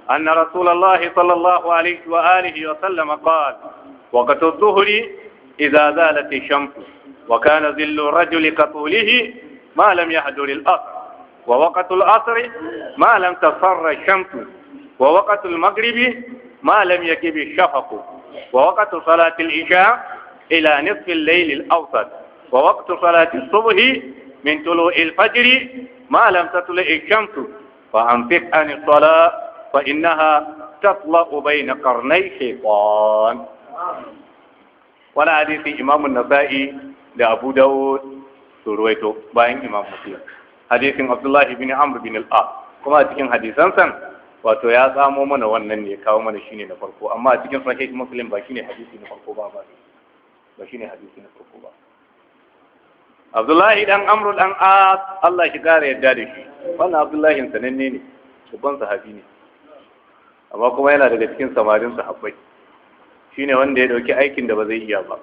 sallallahu alaihi الله صلى الله عليه وآله وسلم قال وقت الظهر إذا زالت الشمس وكان zillu الرجل كطوله ما لم يحضر الأصر ووقت العصر ما لم تصر الشمس ووقت المغرب ما لم يكب الشفق ووقت صلاة العشاء إلى نصف الليل الأوسط ووقت صلاة الصبح من طلوع الفجر ما لم تطلع الشمس فأنفق عن الصلاة فإنها تطلع بين قرني شيطان ولا حديث إمام النسائي لأبو داود su ruwaito bayan imam muslim hadisin abdullahi bin amr bin al'a kuma a cikin hadisan san wato ya samo mana wannan ne kawo mana shine na farko amma a cikin sahih muslim ba shine hadisi na farko ba ba ba shine hadisi na farko ba abdullahi dan amr dan as Allah shi kare yadda da shi wannan abdullahi sananne ne babban sahabi ne amma kuma yana daga cikin samarin sahabbai shine wanda ya dauki aikin da ba zai iya ba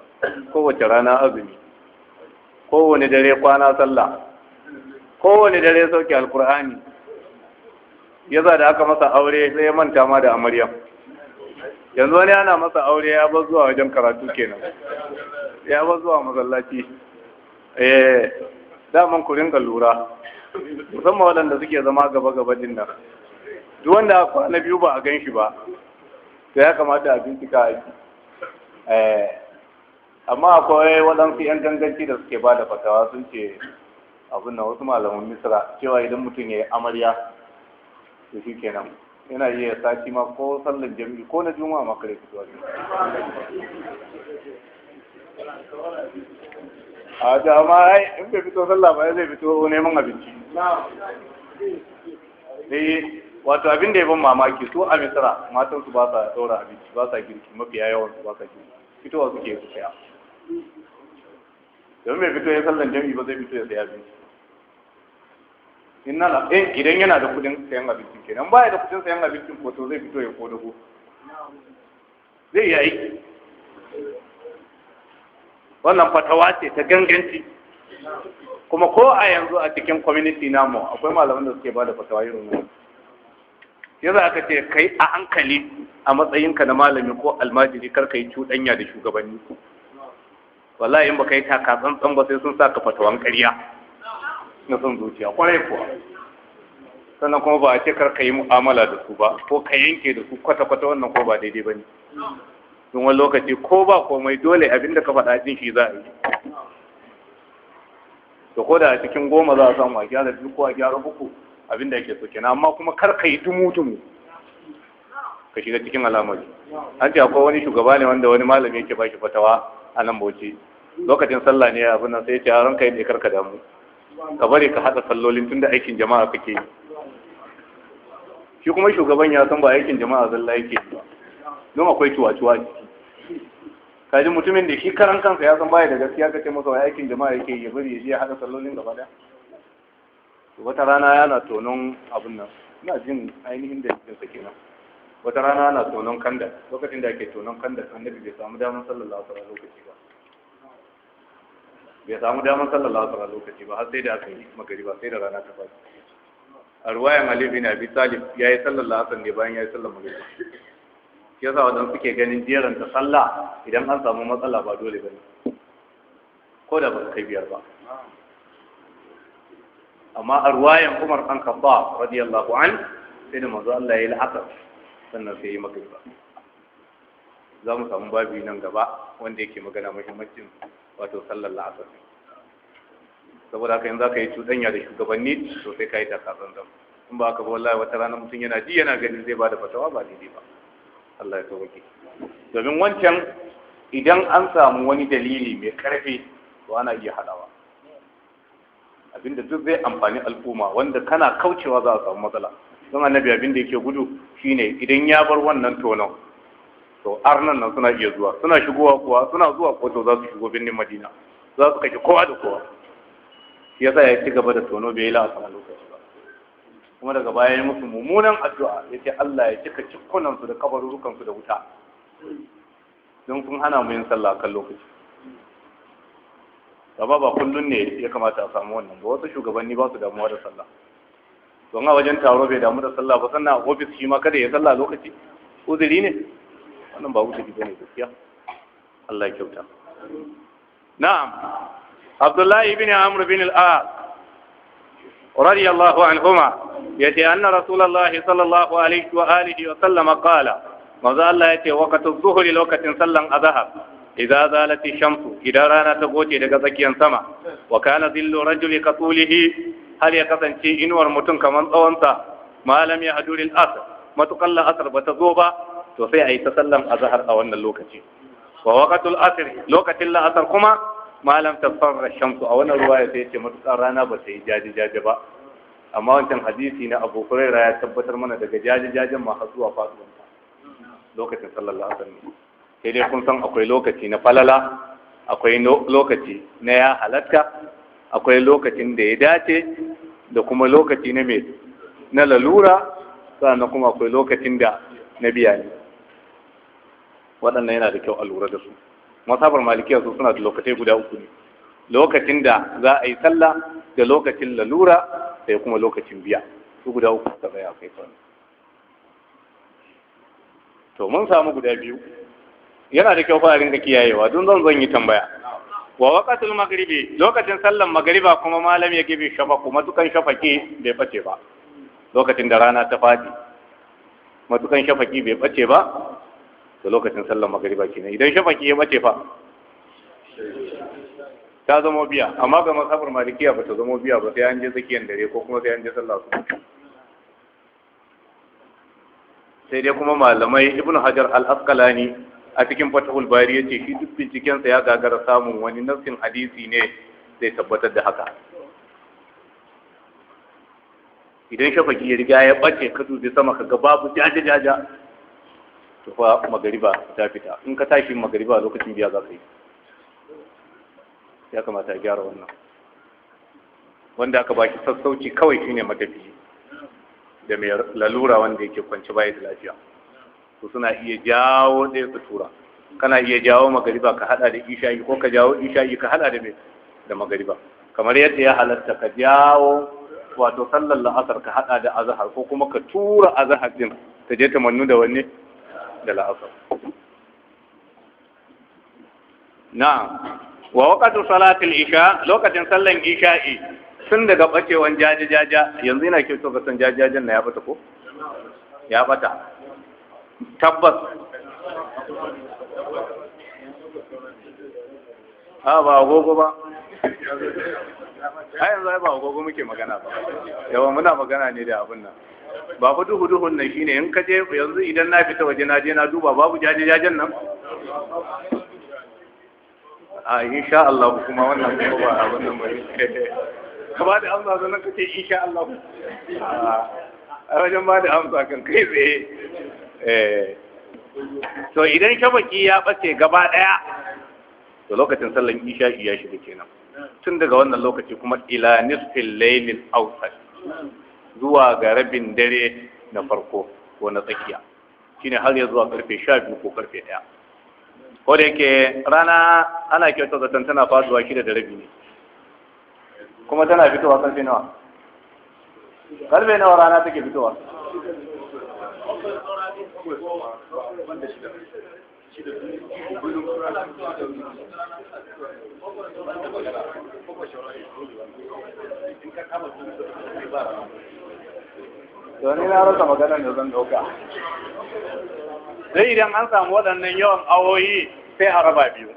kowace rana azumi kowane dare kwana sallah kowane dare sauke alkur'ani ya za da aka masa aure sai ya manta ma da amaryam yanzu wani ana masa aure ya ba zuwa wajen karatu kenan ya ba zuwa masallaci eh daman ku rinka lura musamman waɗanda suke zama gaba gaba din nan duk wanda kwana biyu ba a gan shi ba to ya kamata a bincika a eh amma akwai waɗansu 'yan ganganci da suke ba da fatawa sun ce abin na wasu malaman misra cewa idan mutum ya yi amarya da shi kenan yana iya sati ma ko sallan jami'i ko na juma'a ma kare fito ne a jama'a, in bai fito sallah ba zai fito neman abinci sai wato abin da ya ban mamaki su a misra matan su ba sa ɗora abinci ba sa girki mafiya yawan su ba sa girki fitowa suke su Yau mai fito ya sallan jami'i ba zai fito ya saya abinci inna la eh idan yana da kudin sayan abincin kenan baya da kudin sayan abincin ko to zai fito ya kodago zai yi wannan fatawa ce ta ganganci kuma ko a yanzu a cikin community namu akwai malaman da suke bada fatawa irin wannan ya za ka ce kai a hankali a matsayinka na malami ko almajiri kar ka yi cuɗanya da shugabanni wallahi in baka yi taka tsantsan ba sai sun sa ka fatawan ƙarya na son zuciya Ƙwarai kuwa sannan kuma ba a ce kar ka yi mu'amala da su ba ko ka yanke da su kwata-kwata wannan ko ba daidai ba ne don wani lokaci ko ba komai dole abin da ka faɗa jin shi za a yi to ko da cikin goma za a samu a gyara biyu ko a gyara uku abin da yake so kenan amma kuma kar ka yi dumu-dumu ka shiga cikin al'amari an ce akwai wani shugaba ne wanda wani malami yake ba shi fatawa a nan bauchi lokacin sallah ne abin nan sai ya ce a ranka ne karka damu ka bari ka haɗa sallolin tunda aikin jama'a kake yi shi kuma shugaban ya san ba aikin jama'a zalla yake yi ba don akwai tuwa tuwa a ciki mutumin da shi karan kansa ya san baya da gaskiya ka ce masa wa aikin jama'a yake yi bari ya je ya haɗa sallolin gaba daya wata rana yana tonon abin nan ina jin ainihin da jikinsa kenan wata rana ana tonon kanda lokacin da ake tonon kanda annabi bai samu damar sallallahu alaihi lokaci ba bai samu damar sallallahu alaihi lokaci ba har sai da aka yi magariba sai da rana ta faɗi a ruwayan Ali bin Abi Talib ya yi sallar la'asar ne bayan ya yi sallar magariba shi yasa wajen suke ganin jeran ta sallah idan an samu matsala ba dole ba ne ko da ba kai biyar ba amma a ruwayan Umar an Khattab radiyallahu an sai da manzo Allah ya yi la'asar sannan sai yi maka magriba za mu samu babi nan gaba wanda yake magana muhimmancin wato sallar la'asar saboda haka yanzu aka yi cuɗanya da shugabanni to sai ka yi takasan zama in ba ka ba wallahi wata rana mutum yana ji yana ganin zai ba da fatawa ba daidai ba Allah ya sauke domin wancan idan an samu wani dalili mai karfi to ana iya haɗawa. abinda duk zai amfani al'umma wanda kana kaucewa za a samu matsala don annabi abin da yake gudu shine idan ya bar wannan tonon to arnan nan suna iya zuwa suna shigowa kuwa suna zuwa ko to za su shigo birnin madina za su kashe kowa da kowa shi yasa ya ci gaba da tono bai yi la'asar lokaci ba kuma daga baya ya musu mummunan addu'a ya ce Allah ya cika su da su da wuta don kun hana mu yin sallah kan lokaci amma ba kullum ne ya kamata a samu wannan ba wasu shugabanni ba su damuwa da sallah don a wajen taro bai damu da sallah ba sannan ofis shi ma kada ya sallah lokaci uzuri ne wannan ba uzuri bane gaskiya Allah ya kyauta na'am Abdullahi ibn Amr ibn al-As radiyallahu anhuma yace anna rasulullahi sallallahu alaihi wa alihi wa sallama qala manzo Allah yace waqtu dhuhri lokacin sallan azhar idza zalati shamsu idan rana ta goce daga tsakiyar sama wa kana zillu rajuli ka tulihi har ya kasance inuwar mutum kamar tsawonsa malam ya haduril asr matukan la'asar ba ta zo ba to sai a yi ta sallan azhar a wannan lokaci wa waqatul asr lokacin la'asar kuma malam tasfarra shamsu a wannan ruwa ya sai ce matukan rana ba ta yi jaji jaji ba amma wancan hadisi na Abu Hurairah ya tabbatar mana daga jaji jajin ma har zuwa faduwa lokacin sallar la'asar ne. sai dai kun san akwai lokaci na falala akwai lokaci na ya halatta akwai lokacin da ya dace da kuma lokaci na mai na lalura sannan kuma akwai lokacin da na biya ne waɗannan yana da kyau a lura da su masabar malikiya su suna da lokacin guda uku ne lokacin da za a yi sallah da lokacin lalura ya kuma lokacin biya su guda uku ta tsaya kai to mun samu guda biyu yana da kyau fara rinka kiyayewa don zan zan yi tambaya wa waqatul maghribi lokacin sallan magriba kuma malam ya gibi shafaku matukan shafaki bai bace ba lokacin da rana ta fadi matukan shafaki bai bace ba to lokacin sallan magriba kenan idan shafaki ya bace fa ta zama biya amma ga masabar malikiya ba ta zama biya ba sai an je tsakiyar dare ko kuma sai an je sallah su sai dai kuma malamai ibnu hajar al-asqalani a cikin fatahul bari yace shi duk bincikensa ya gagara samun wani nassin hadisi ne zai tabbatar da haka idan shafaki ya riga ya bace ka dubi sama ka ga babu jaja jaja to fa magariba ta fita in ka tashi magariba lokacin biya za ka yi ya kamata a gyara wannan wanda aka baki sassauci kawai shine matafiyi da mai lalura wanda yake kwance bayan da lafiya to suna iya jawo ɗaya su tura kana iya jawo magariba ka hada da isha'i ko ka jawo isha'i ka hada da da magariba kamar yadda ya halatta ka jawo wato sallar la'asar ka hada da azahar, ko kuma ka tura azahar din ta je ta mannu da wanne da la'asar Na wa waqtu salatul isha lokacin sallan isha'i sun daga bacewan jajajaja yanzu ina ke so ga san jajajan na ya bata ko ya bata tabbas a ba agogo ba a yanzu ba agogo muke magana ba yawan muna magana ne da abin nan ba fi duhu duhun nan shine in ka je yanzu idan na fita waje na je na duba babu jaje jajen nan a insha Allah kuma wannan kuma ba abin nan bari. ka ba da amsa sannan kace insha Allah a wajen ba da amsa kan kai tsaye Eh. to idan shabaki ya ɓace gaba ɗaya to lokacin sallan isha'i ya shiga kenan tun daga wannan lokaci kuma ila filainin lailin zuwa ga rabin dare na farko ko na tsakiya shine har ya zuwa karfe sha biyu ko karfe ɗaya ko da yake rana ana kyauta zaton tana faduwa shida da rabi ne kuma tana fitowa karfe nawa karfe nawa rana take fitowa Doni na rasa maganar da zan dauka. Zai idan an samu waɗannan yawan awoyi sai a raba biyu.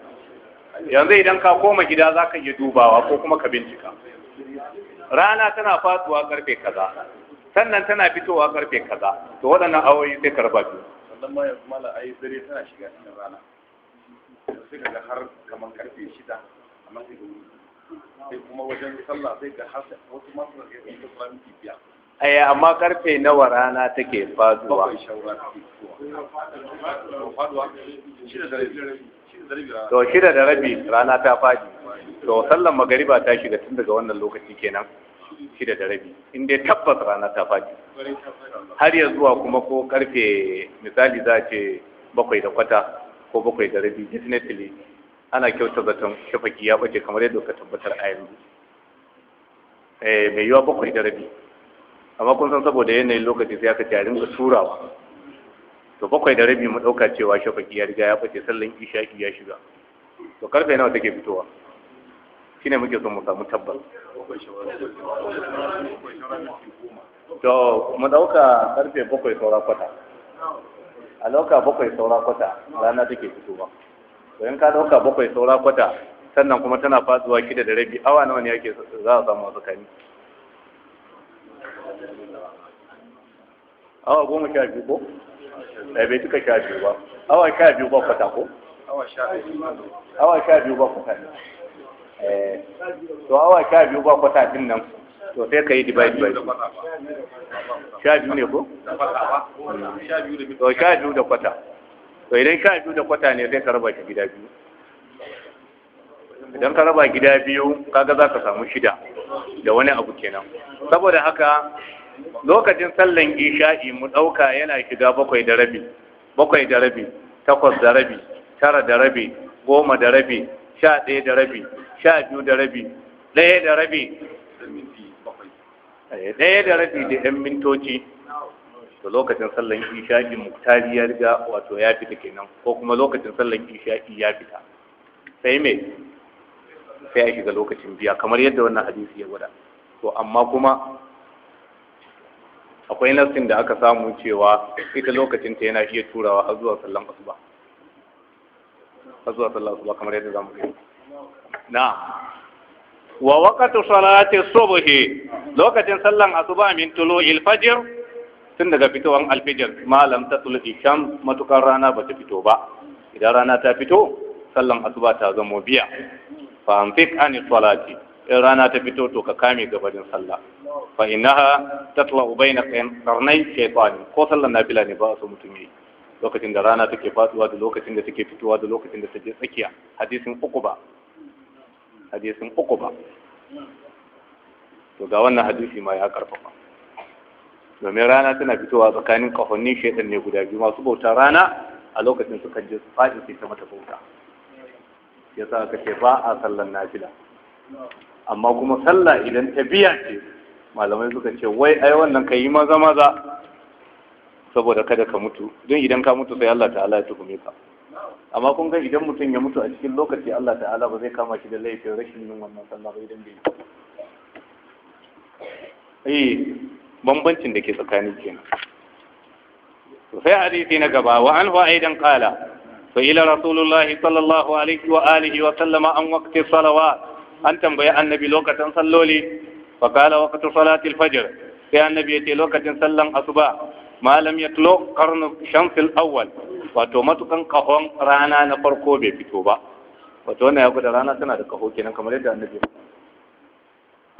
Yanzu idan ka koma gida za ka yi dubawa ko kuma ka bincika. Rana tana fatuwa karfe kaza. sannan tana fitowa karfe kaza to waɗannan awoyi sai karba biyu sannan ma yanzu mala ayi dare tana shiga cikin rana sai ga har kamar karfe shida amma sai ga sai kuma wajen sallah sai ga har wasu masu da ke da sallah miki biya Aya eh, amma karfe nawa rana take faduwa. To shida da rabi rana ta fadi. To sallan magariba ta shiga tun daga wannan lokaci kenan. shida da rabi in dai tabbas rana ta faɗi har ya zuwa kuma ko karfe misali za ce bakwai da kwata ko bakwai da rabi definitely ana kyauta zaton shafaki ya bace kamar yadda ka tabbatar a yanzu eh, mai yiwa bakwai da rabi amma kun san saboda yanayin lokaci sai aka tarin ka turawa to bakwai da rabi mu ɗauka cewa shafaki ya riga ya bace sallan isha'i ya shiga to karfe nawa take fitowa shine muke son mu samu tabbas to mu dauka karfe bakwai saura kwata a dauka bakwai saura kwata rana take fitowa to in ka dauka bakwai saura kwata sannan kuma tana faduwa kida da rabi awa nawa ne yake za a samu kani. awa goma sha biyu ko da eh, bai cika sha biyu ba awa sha biyu ba kwata ko awa sha biyu ba kwata ne Eh, to awa sha biyu ba kwata din nan to sai ka yi dibai sha biyu ne ko? to sha biyu da kwata to idan sha biyu da kwata ne sai ka raba shi gida biyu idan ka raba gida biyu kaga za ka samu shida da wani abu kenan saboda haka lokacin sallan isha'i mu ɗauka yana shiga bakwai da rabi bakwai da rabi takwas da rabi tara da rabi goma da rabi sha ɗaya da rabi sha biyu da rabi ɗaya da rabi eh, ɗaya da rabi da ɗan mintoci to lokacin sallan isha'i muktari ya riga wato ya fita kenan ko kuma lokacin sallan isha'i ya fita sai me sai ya shiga lokacin biya kamar yadda wannan hadisi ya gwada to amma kuma akwai nassin da aka samu cewa ita lokacin ta yana iya turawa har zuwa sallan asuba har zuwa sallar asuba kamar yadda zamu gani wa waqtu salati lokacin sallar asuba min tulu'il fajr tun daga fitowan alfijir malam ta tsulhi sham matukar rana ba ta fito ba idan rana ta fito sallan asuba ta zamo biya fa anfik ani salati in rana ta fito to ka kame gabarin sallah fa innaha tatla baina qarnai shaytan ko sallan nafila ne ba su mutum yi lokacin da rana take faduwa da lokacin da take fitowa da lokacin da take tsakiya hadisin ba. hadisin ba. to ga wannan hadisi ma ya karfafa domin rana tana fitowa tsakanin kafannin shaidan ne guda biyu masu bauta rana a lokacin su kan je su faɗi sai ta mata bauta ya sa aka ce ba a sallan nafila amma kuma sallah idan ta biya ce malamai suka ce wai ai wannan ka yi maza maza saboda kada ka mutu don idan ka mutu sai Allah ta'ala ya tuhume ka amma kun ga idan mutum ya mutu a cikin lokaci Allah ta'ala ba zai kama shi da laifin rashin yin wannan sallah ba idan bai yi eh, bambancin da ke tsakanin kenan sai hadisi na gaba wa anhu aidan qala فإلى رسول الله صلى الله عليه وآله وسلم عن وقت الصلوات أن تنبي النبي لوكة صلولي فقال وقت صلاة sai annabi ya ce lokacin sallan asuba. malam ya tulo karnu shamsil awwal wato matukan kahon rana na farko bai fito ba wato wannan ya gudu rana tana da kaho kenan kamar yadda annabi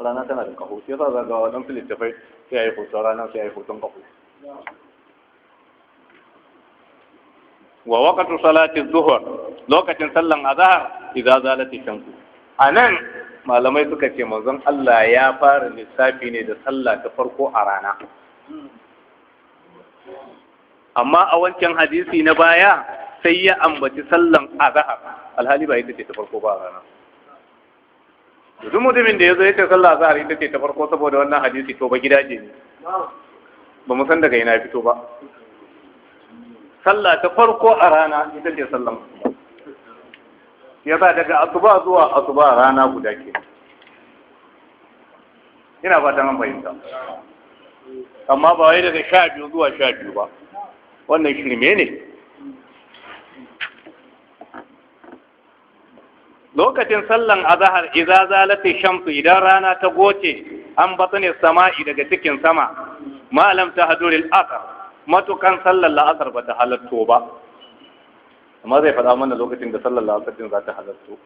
rana tana da kaho sai za ga wadan fai sai ya yi rana sai ya yi hoton kaho wa waqtu salati zuhur lokacin sallan azhar idza zalati shamsu anan malamai suka ce manzon Allah ya fara lissafi ne da sallah ta farko a rana amma a wancan hadisi na baya sai ya ambaci sallan a zaha alhali ba ita ce ta farko ba rana duk mutumin da ya zo ya ce sallah zahar ita ce ta farko saboda wannan hadisi to ba gidaje ne ba mu san daga ina fito ba sallah ta farko a rana ita ce sallan ya ba daga asuba zuwa asuba rana guda ke ina fatan an fahimta amma ba wai daga sha biyu zuwa sha biyu ba wannan shirme ne lokacin sallan azahar idza zalati shamsu idan rana ta goce an ne sama'i daga cikin sama malam ta hadori al'asar matukan sallan la'asar ba ta halatto ba amma zai faɗa mana lokacin da sallan la'asar din za ta halatto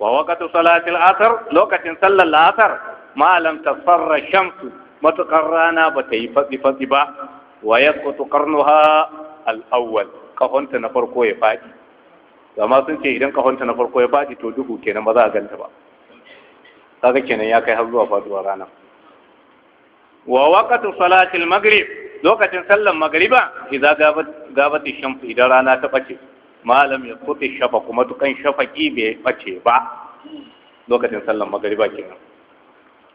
wa wakatu salatil asar lokacin sallan la'asar malam ta farra shamsu matuƙar rana ba ta yi fatsi-fatsi ba wa ya kutu karnuha al'awwal ƙahonta na farko ya faɗi zama sun ce idan ƙahonta na farko ya faɗi to duhu kenan ba za a ganta ba kaga kenan ya kai har zuwa faduwa rana wa waqtu salatil maghrib lokacin sallan magriba idza gabat shamsu idan rana ta bace malam ya kutu shafa kuma tukan shafaki bai bace ba lokacin sallar Magariba kenan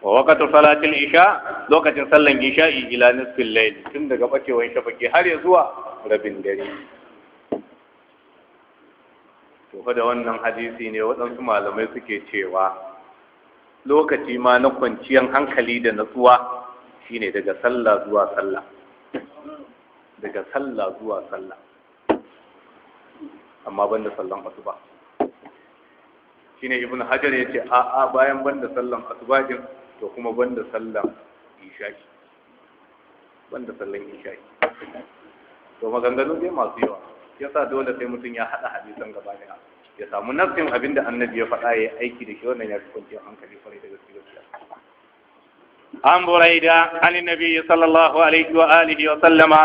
wa waqtu salatil isha lokacin sallan isha'i ila nisfil layl tun daga bacewan shafaki har ya zuwa rabin dare to fa da wannan hadisi ne waɗansu malamai suke cewa lokaci ma na kwanciyar hankali da natsuwa shine daga sallah zuwa sallah daga sallah zuwa sallah amma ban da sallan asuba shine ibnu hajar yace a a bayan ban da sallan asuba to kuma banda sallan ishaki banda sallan ishaki to maganganu dai masu yawa yasa dole sai mutum ya haɗa hadisan gaba da ya samu nafsin abin da annabi ya faɗa ya aiki da shi wannan ya fi kwanciyar hankali kwarai da gaske gaskiya an buraida an nabi sallallahu alaihi wa alihi wa sallama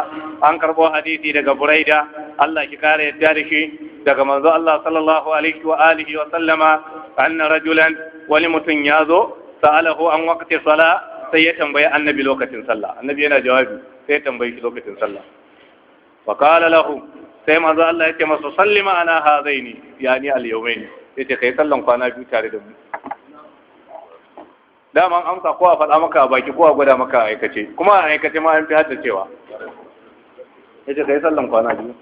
an karbo hadisi daga buraida Allah ki kare yadda da shi daga manzo Allah sallallahu alaihi wa alihi wa sallama anna rajulan wani mutum ya zo sa'alahu an waqti sala sai ya tambayi annabi lokacin sallah annabi yana jawabi sai ya tambayi shi lokacin sallah wa qala lahu sai manzo Allah ya ce masa salli ma'ana hadaini yani al-yawmaini yace kai sallan kwana biyu tare da mu dama an amsa ko a faɗa maka a baki ko a gwada maka a aikace kuma a aikace ma an fi hadda cewa ya ce ka yi sallan kwana biyu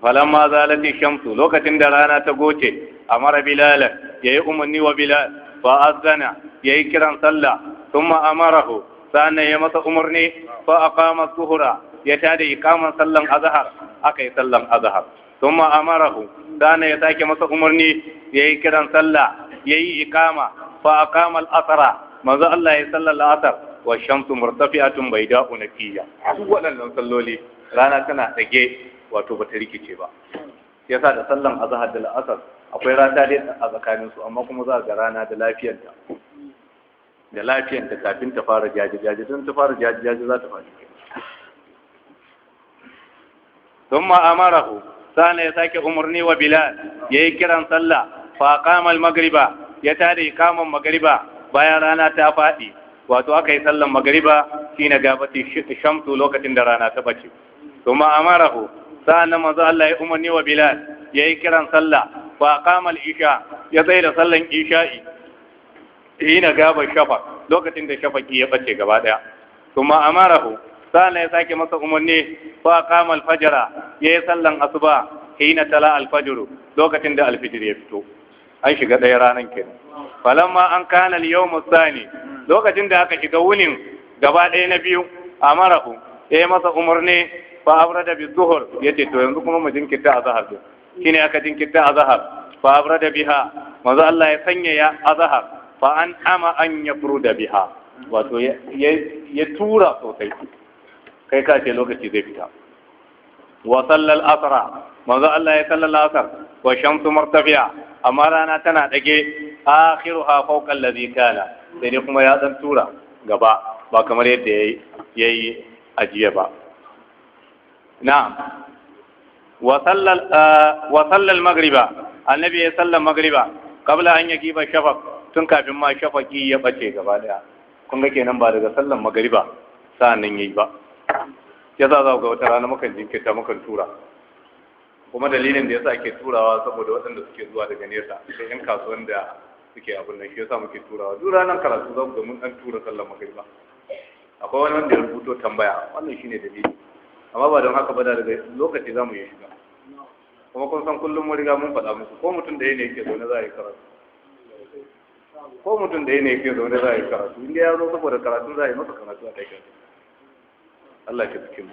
falan ma zalati shamsu lokacin da rana ta goce a mara bilalan ya yi umarni wa bilal fa azana yayi kiran sallah thumma amarahu sannan ya masa umarni fa aqama zuhra ya tada iqaman sallan azhar akai sallan azhar thumma amarahu sannan ya sake masa umarni yayi kiran sallah yayi iqama fa aqama al-asra manzo Allah ya sallalla asar wa shamsu murtafi'atun bayda'u nakiya su waɗannan salloli rana tana tsage wato bata rikice ba yasa da sallan azhar da al akwai rata dai a tsakaninsu amma kuma za ga rana da lafiyanta da lafiyanta kafin ta fara jaje-jaje don ta fara jaje-jaje za ta fara sun ma'amarahu sana ya sake umarni wa bilal ya yi kiran sallah fa kamal magariba ya tare kamar magariba bayan rana ta faɗi wato aka yi sallan magariba shi na gabati shamsu lokacin da rana ta bace sun ma'amarahu sana manzo Allah ya umarni wa bilal ya yi kiran sallah fa qama al-isha ya tsaye da sallan isha'i hina gaba shafa lokacin da shafaki ya bace gaba daya kuma amarahu sa'an ya sake masa umarni fa qama al-fajra ya yi sallan asuba hina tala al-fajr lokacin da al-fajr ya fito an shiga daya ranan ke falamma an kana al-yawm ath-thani lokacin da aka shiga wunin gaba daya na biyu amarahu ya yi masa umarni fa abrada bi zuhur yace to yanzu kuma mu jinkirta azhar din shine aka jinkirta azhar fa abrada biha manzo Allah ya sanyaya azhar fa an ama an yafruda biha wato ya tura sosai kai ka ce lokaci zai fita wa sallal asra manzo Allah ya sallal asar wa shamsu martafiya amma rana tana dage akhiruha fawqa alladhi kana sai dai kuma ya dan tura gaba ba kamar yadda yayi yayi ajiya ba na'am wa sallal magriba annabi ya sallan magriba kabla an yaki ba shafaq tun kafin ma shafaqi ya bace gaba daya kun ga kenan ba daga sallan magriba sa'annan yayi ba ya za za ga wata rana mukan jinkirta mukan tura kuma dalilin da yasa ake turawa saboda waɗanda suke zuwa daga nesa sai yan kasuwan da suke abun nan shi yasa muke turawa duk ranar karatu za ku ga mun dan tura sallan magriba akwai wani wanda ya rubuto tambaya wannan shine dalili amma ba don haka ba daga lokaci za mu yi shiga kuma kun san kullum mun riga mun faɗa muku ko mutum da yana yake zaune za a yi karatu ko mutum da yana yake zaune za a yi karatu inda ya zo saboda karatu za a yi masa karatu a kai Allah ya tsike mu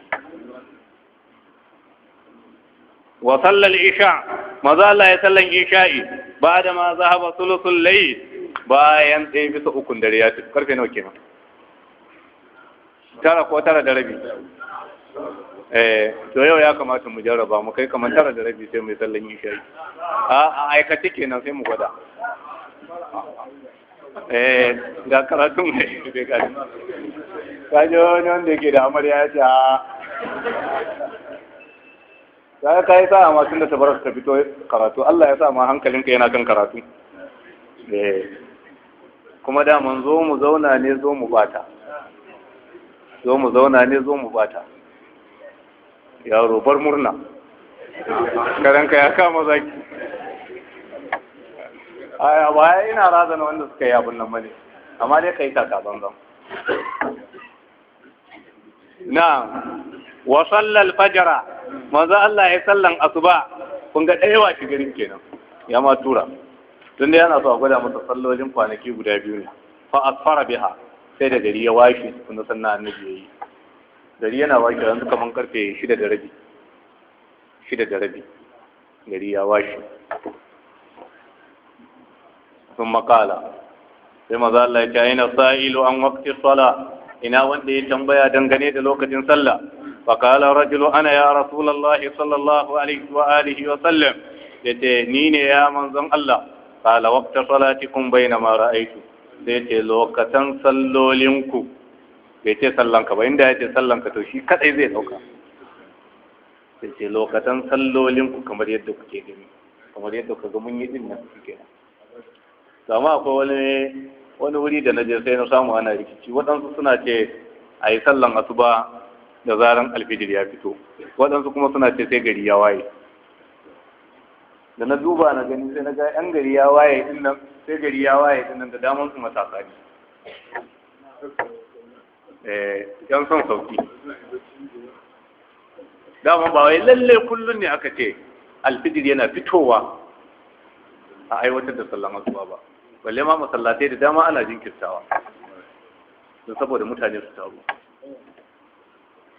wa sallal isha maza Allah ya sallan isha'i ba da ma zahaba sulusul layl bayan ɗaya bisa ukun dare ya tafi karfe nawa kenan tara ko tara da rabi Eh, to yau ya kamata mu jarraba mu kai kamar tara da rabi sai mu sallan yi shayi a aikace kenan sai mu gwada eh ga karatun ne bai Ka kaje wani wanda ke da amarya ya ce a ya ka yi sa'a masu da tabarar ta fito karatu Allah ya sa ma hankalinka yana kan karatu eh, kuma da mun zo mu zauna ne zo mu bata zo mu zauna ne zo mu bata yaro bar murna karanka ya kama zaki a baya ina razana wanda suka yi abin nan bane amma dai kai kaka zanzan na wa sallal fajara manzo Allah ya sallan asuba kun ga ɗaya shi garin kenan ya ma tura da yana so a gwada masa sallolin kwanaki guda biyu ne fa asfara biha sai da gari ya washe kun san na annabi yayi gari yana wake yanzu kamar karfe shida da rabi shida da rabi gari ya washe sun makala sai maza Allah ya ce aina sa'ilu an waqti sala ina wanda ya tambaya dangane da lokacin sallah faqala rajulu ana ya rasulullahi sallallahu alaihi wa alihi wa sallam yace ni ne ya manzon Allah qala waqta salatikum bainama ra'aytu sai ce lokacin sallolinku bai ce sallanka ba inda ya ce sallanka to shi kadai zai dauka sai ce lokatan sallolinku kamar yadda kuke gani kamar yadda ka mun yi din nan kuke to amma akwai wani wani wuri da na je sai na samu ana rikici waɗansu suna ce a yi sallan asuba da zaran alfijir ya fito waɗansu kuma suna ce sai gari ya waye da na duba na gani sai na ga yan gari ya waye din nan sai gari ya waye din nan da daman su matasa ne yan eh, son sauki dama ba wai lalle kullum ne aka ce alfijir yana fitowa a aiwatar da sallan asuba ba balle ma masallatai da dama ana jinkirtawa don saboda mutane su taru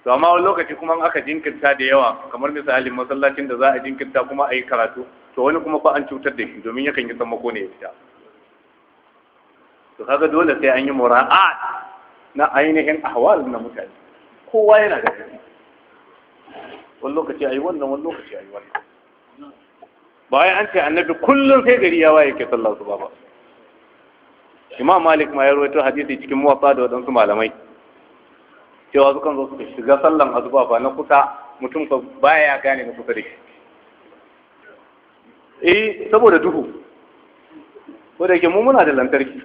to amma wani lokaci kuma aka jinkirta da yawa kamar misali masallacin da za a jinkirta kuma a yi karatu to wani kuma ba an cutar da shi domin yakan yi sammako ne ya fita to kaga dole sai an yi mura'at na ainihin ahwalin na mutane kowa yana da gari wani lokaci a yi wannan wani lokaci a yi wannan bayan an ce annabi kullum sai gari ya waye ke sallar su ba imam malik ma ya rawaito hadisi cikin muwafa da waɗansu malamai cewa sukan zo su shiga sallan azuba ba na kusa mutum ko baya ya gane na kusa da shi eh saboda duhu ko da ke mu muna da lantarki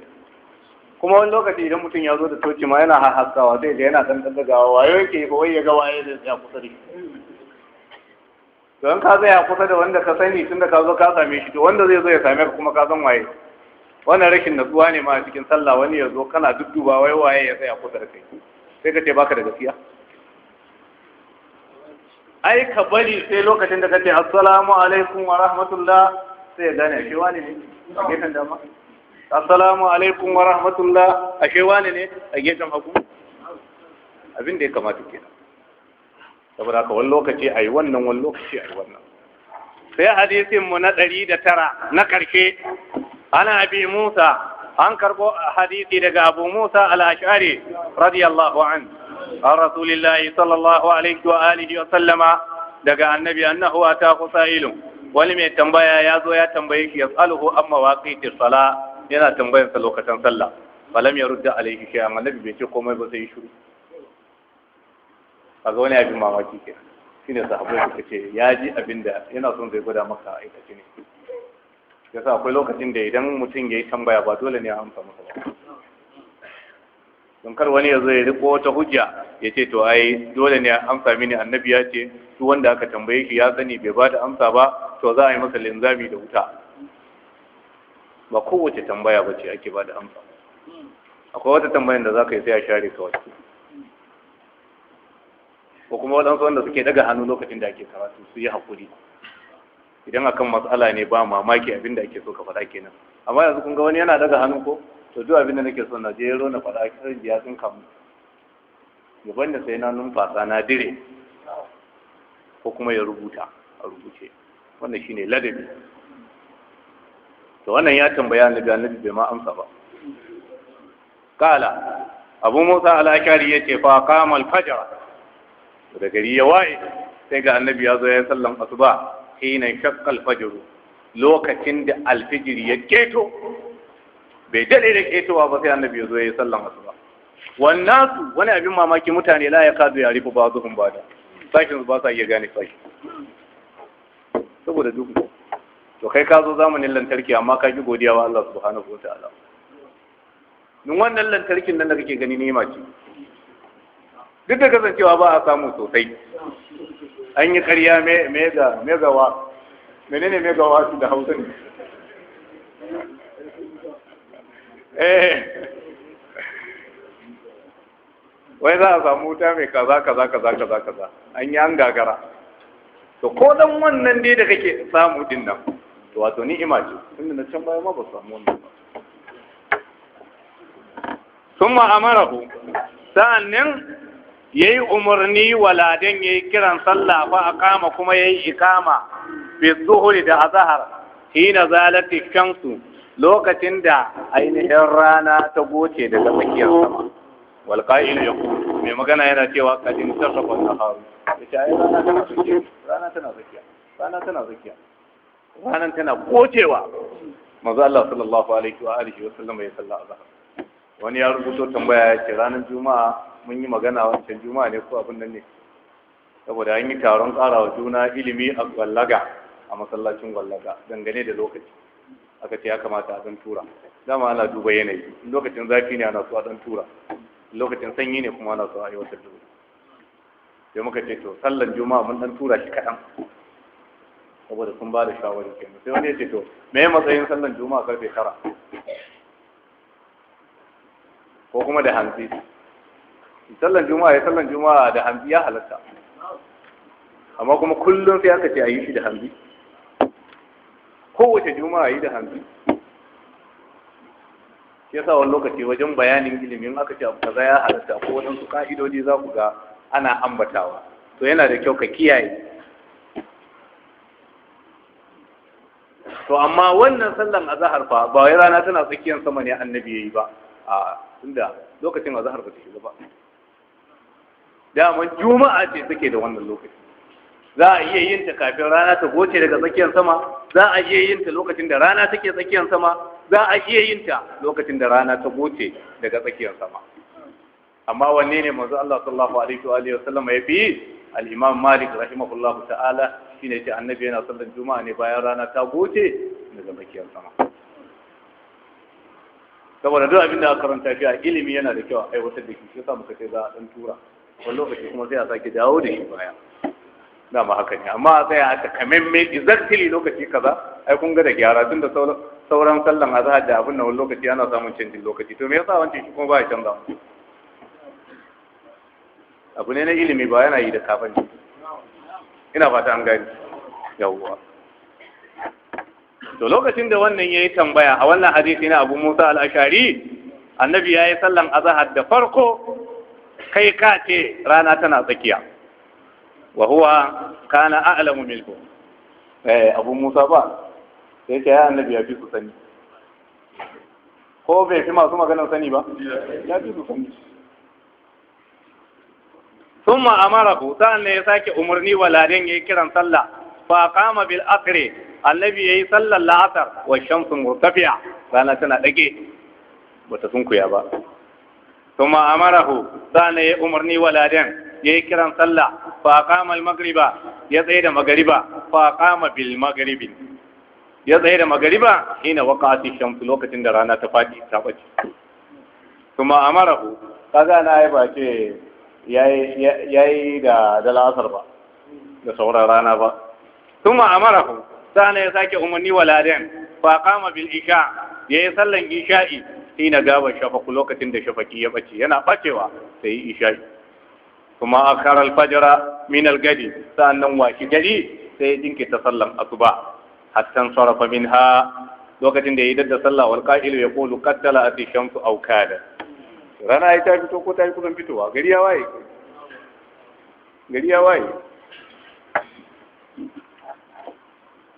kuma wani lokaci idan mutum ya zo da toci ma yana hahaskawa zai da yana dan dandagawa wayo yake ba wai ya ga waye zai ya kusa da don ka zai kusa da wanda ka sani tun da ka zo ka same shi to wanda zai zo ya same ka kuma ka san waye wannan rashin natsuwa ne ma a cikin sallah wani ya zo kana dudduba wai waye ya tsaya kusa da kai sai ka ce baka da gaskiya ai ka bari sai lokacin da ka ce assalamu alaikum wa rahmatullah sai ya gane shi wani ne a gefen dama assalamu alaikum wa rahmatullah ashe wani ne a gefen hagu abin da ya kamata kenan saboda ka wani lokaci a yi wannan wani lokaci a yi wannan sai hadisin mu na ɗari da tara na ƙarshe ana abi musa an karɓo hadisi daga abu musa al-ashari radiyallahu an an rasulillah sallallahu alaihi wa alihi wa sallama daga annabi annahu kusa sa'ilun wani mai tambaya ya zo ya tambaye shi yas'aluhu amma waqitis sala yana tambayan sa lokacin sallah balam ya rudda alaihi amma nabi bai ce komai ba sai shiru kaga wani abin mamaki ke shine sahabbai suka ce ya ji abin da yana son zai gwada maka aikace ne yasa akwai lokacin da idan mutum ya yi tambaya ba dole ne a amsa masa ba don kar wani ya zo ya riko wata hujja ya ce to ai dole ne a amsa mini annabi ya ce su wanda aka tambaye shi ya sani bai ba da amsa ba to za a yi masa linzami da wuta ba kowace tambaya ba ce ake ba da amsa akwai wata tambayan da za ka yi sai a share kawai ko kuma waɗansu wanda suke daga hannu lokacin da ake karatu su yi haƙuri idan akan matsala ne ba mamaki abin da ake so ka faɗa kenan amma yanzu kun ga wani yana daga hannu ko to duk abin da nake so na je na faɗa kan jiya sun kamu gaban da sai na numfasa na dire ko kuma ya rubuta a rubuce wannan shine ladabi to wannan ya tambaya ni ga annabi bai ma amsa ba kala abu musa al-ashari yace fa qama al-fajr da gari ya waye sai ga annabi ya zo ya sallan asuba hina shaqqa al-fajr lokacin da al-fajr ya keto bai dade da ketowa ba sai annabi ya zo ya sallan asuba wannan wani abin mamaki mutane la ya kadu ya rifu ba zuhun ba da su ba sa iya gane sashi saboda duk. to kai ka zo zamanin lantarki amma ka ki godiya wa Allah subhanahu wa ta'ala Mun wannan lantarkin nan da kake gani ma ce duk da kasancewa ba a samu sosai an yi karya mega wa menene wa su da hausa ne eh wai za a samu wuta mai kaza kaza kaza kaza kaza an yi an gagara to ko dan wannan dai da kake samu din nan to wato ni'ima ce tunda na can baya ma ba samu wannan ba summa ku sa'annin yayi umarni waladen yayi kiran sallah fa aqama kuma yayi ikama fi zuhuri da azhar hina zalati kansu lokacin da ainihin rana ta goce daga tsakiyar sama wal qa'il yaqul mai magana yana cewa qadin sarrafa nahar ita ai rana tana zakiya rana tana zakiya rana tana tsakiya ranar tana kocewa manzo Allah sallallahu alaihi wa alihi wa sallam ya salla azhar wani ya rubuto tambaya ya ce ranar juma'a mun yi magana wancan juma'a ne ko abin nan ne saboda an yi taron tsara wa juna ilimi a gwallaga a masallacin gwallaga dangane da lokaci aka ce ya kamata a dan tura dama ana duba yanayi lokacin zafi ne ana so a dan tura lokacin sanyi ne kuma ana so a yi wata duba sai muka ce to sallan juma'a mun dan tura shi kaɗan saboda sun ba da shawarar ke, sai wani ya ce to me ya matsayin sallan juma'a karfe tara ko kuma da hantsi sallan juma'a ya sallan juma'a da hantsi ya halatta amma kuma kullum sai aka ce a yi shi da hantsi kowace juma'a yi da hantsi shi yasa wani lokaci wajen bayanin ilimin aka ce abu kaza ya halatta ko wadansu ka'idodi za ku ga ana ambatawa to yana da kyau ka kiyaye to amma wannan sallan azhar fa ba wai rana tana tsakiyar sama ne annabi yayi ba a tunda lokacin azhar ba take shiga ba daman juma'a ce take da wannan lokaci za a iya yin ta kafin rana ta goce daga tsakiyar sama za a iya yin ta lokacin da rana take tsakiyar sama za a iya yin ta lokacin da rana ta goce daga tsakiyar sama amma wanne ne manzo Allah sallallahu alaihi wa alihi ya fi al-Imam Malik rahimahullahu ta'ala shine ce annabi yana sallar juma'a ne bayan rana ta goce daga makiyar sama saboda duk abin da aka karanta fi a ilimi yana da kyau a wata da shi shi yasa muka ce za a dan tura wani lokaci kuma sai a sake dawo da shi baya ma haka ne amma a tsaya kamen kamemme exactly lokaci kaza ai kun ga da gyara tun da sauran sallan azhar da abin nan wani lokaci ana samun canjin lokaci to me yasa wancan shi kuma ba ya canza abu ne na ilimi ba yana yi da kafin ina fata an gani yawwa to lokacin da wannan yayi tambaya a wannan hadisi na Abu Musa al-Ashari annabi yayi sallan azhar da farko kai ka ce rana tana tsakiya wa huwa kana a'lamu minhu eh Abu Musa ba sai ce annabi ya fi ku sani ko bai fi masu maganar sani ba ya fi ku sani sun ma'amara ku sa'an ne ya sake umarni wa ladan ya yi kiran sallah fa kama bil akre annabi ya yi sallar la'asar wa shamsu murtafiya rana tana ɗage bata sunkuya ba sun ma'amara ku sa'an ne ya umarni wa ladan ya yi kiran sallah fa kama al magriba ya tsaye da magariba fa kama bil magribi ya tsaye da magariba shine waqati shamsu lokacin da rana ta faɗi ta bace kuma amarahu kaga na yi ce ya yi da dalasar ba da sauran rana ba sun ma'amara sa'ana ya sake umarni wa laden fa kama bil isha ya yi sallan isha'i ina gaba shafaku lokacin da shafaki ya bace yana bacewa sai yi isha'i kuma akhara al-fajra min al-gadi sa'annan washi gari sai ta sallan asuba hatta sarafa minha lokacin da ya yi dadda sallah wal qa'il yaqulu qattala ati shamsu aw kada rana ya ta fito ko ta yi kusan fitowa gari ya waye gari ya waye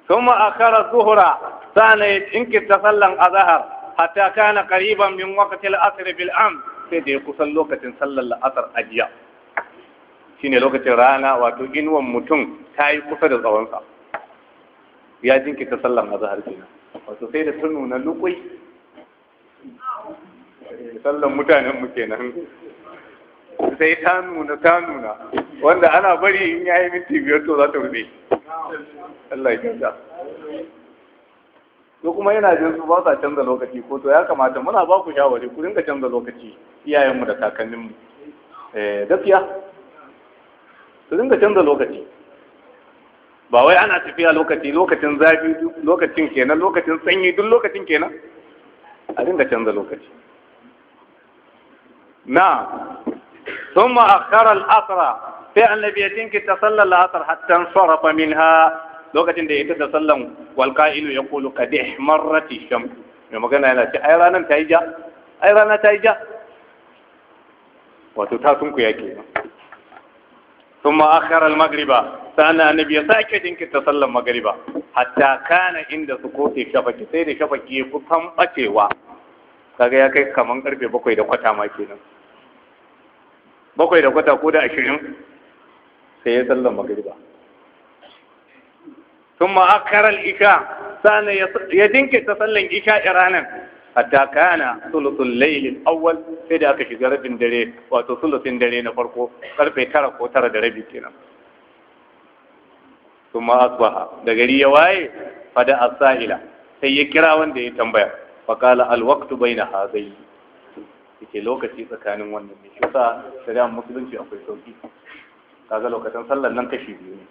kuma a kara zuhura sana ya tsinkir ta sallan azahar hatta kana kariban min wakatil la'asar bil am sai da ya kusan lokacin sallan la'asar ajiya shi ne lokacin rana wato inuwan mutum ta yi kusa da tsawonsa ya jinkirta sallan azahar kenan wato sai da tunu na lukwai sallan mutanen mu kenan sai ta nuna ta nuna wanda ana bari in yayi minti biyar to za ta rube Allah ya kyauta to kuma yana jin su ba sa canza lokaci ko to ya kamata muna ba ku shawari ku dinga canza lokaci iyayenmu da mu eh gaskiya su dinga canza lokaci ba wai ana tafiya lokaci lokacin zafi lokacin kenan lokacin sanyi duk lokacin kenan a dinga canza lokaci na sun ma'akarar sai annabi ya jinkirta sallar la'asar hatta sarrafa minha lokacin da ya tada sallan walƙa'ilu ya kulu ka dih marrati mai magana yana ce ai ai rana ta yi ja wato ta sun ma'akar al-magriba sa'an annabi sake jinkirta sallar Magariba. Hata kana inda su kote sai da shafaki ya kaga ya kai kaman karfe bakwai da kwata ma kenan bakwai da kwata ko da ashirin sai ya sallan magariba sun ma'akarar isha sana ya jinkirta sallan isha ranar a takana sulutun lailin awwal sai da aka shiga rabin dare wato sulutun dare na farko karfe tara ko tara da rabi kenan sun ma'asbaha da gari ya waye fada asa'ila sai ya kira wanda ya tambaya faƙala alwaktu bai na hazai yake lokaci tsakanin wannan ne shi sa shari'ar musulunci akwai sauki kaga lokacin sallar nan kashi biyu ne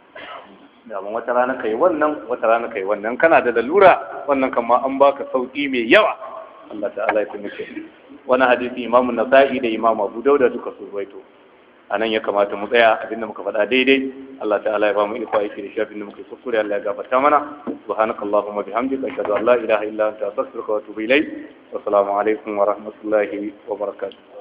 daban wata rana kai wannan wata rana kai wannan kana da lalura wannan kama an baka sauki mai yawa Allah ta'ala ya fi muke wani hadisi imamu nasa'i da imamu abu dauda duka su ruwaito a nan ya kamata mu tsaya abinda muka faɗa daidai Allah ta'ala ya ba mu iko aiki da shafin da muka kuskure Allah ya gafarta mana subhanaka allahumma bihamdika ashhadu an la ilaha illa anta astaghfiruka wa atubu ilayk wa assalamu alaikum wa rahmatullahi wa barakatuh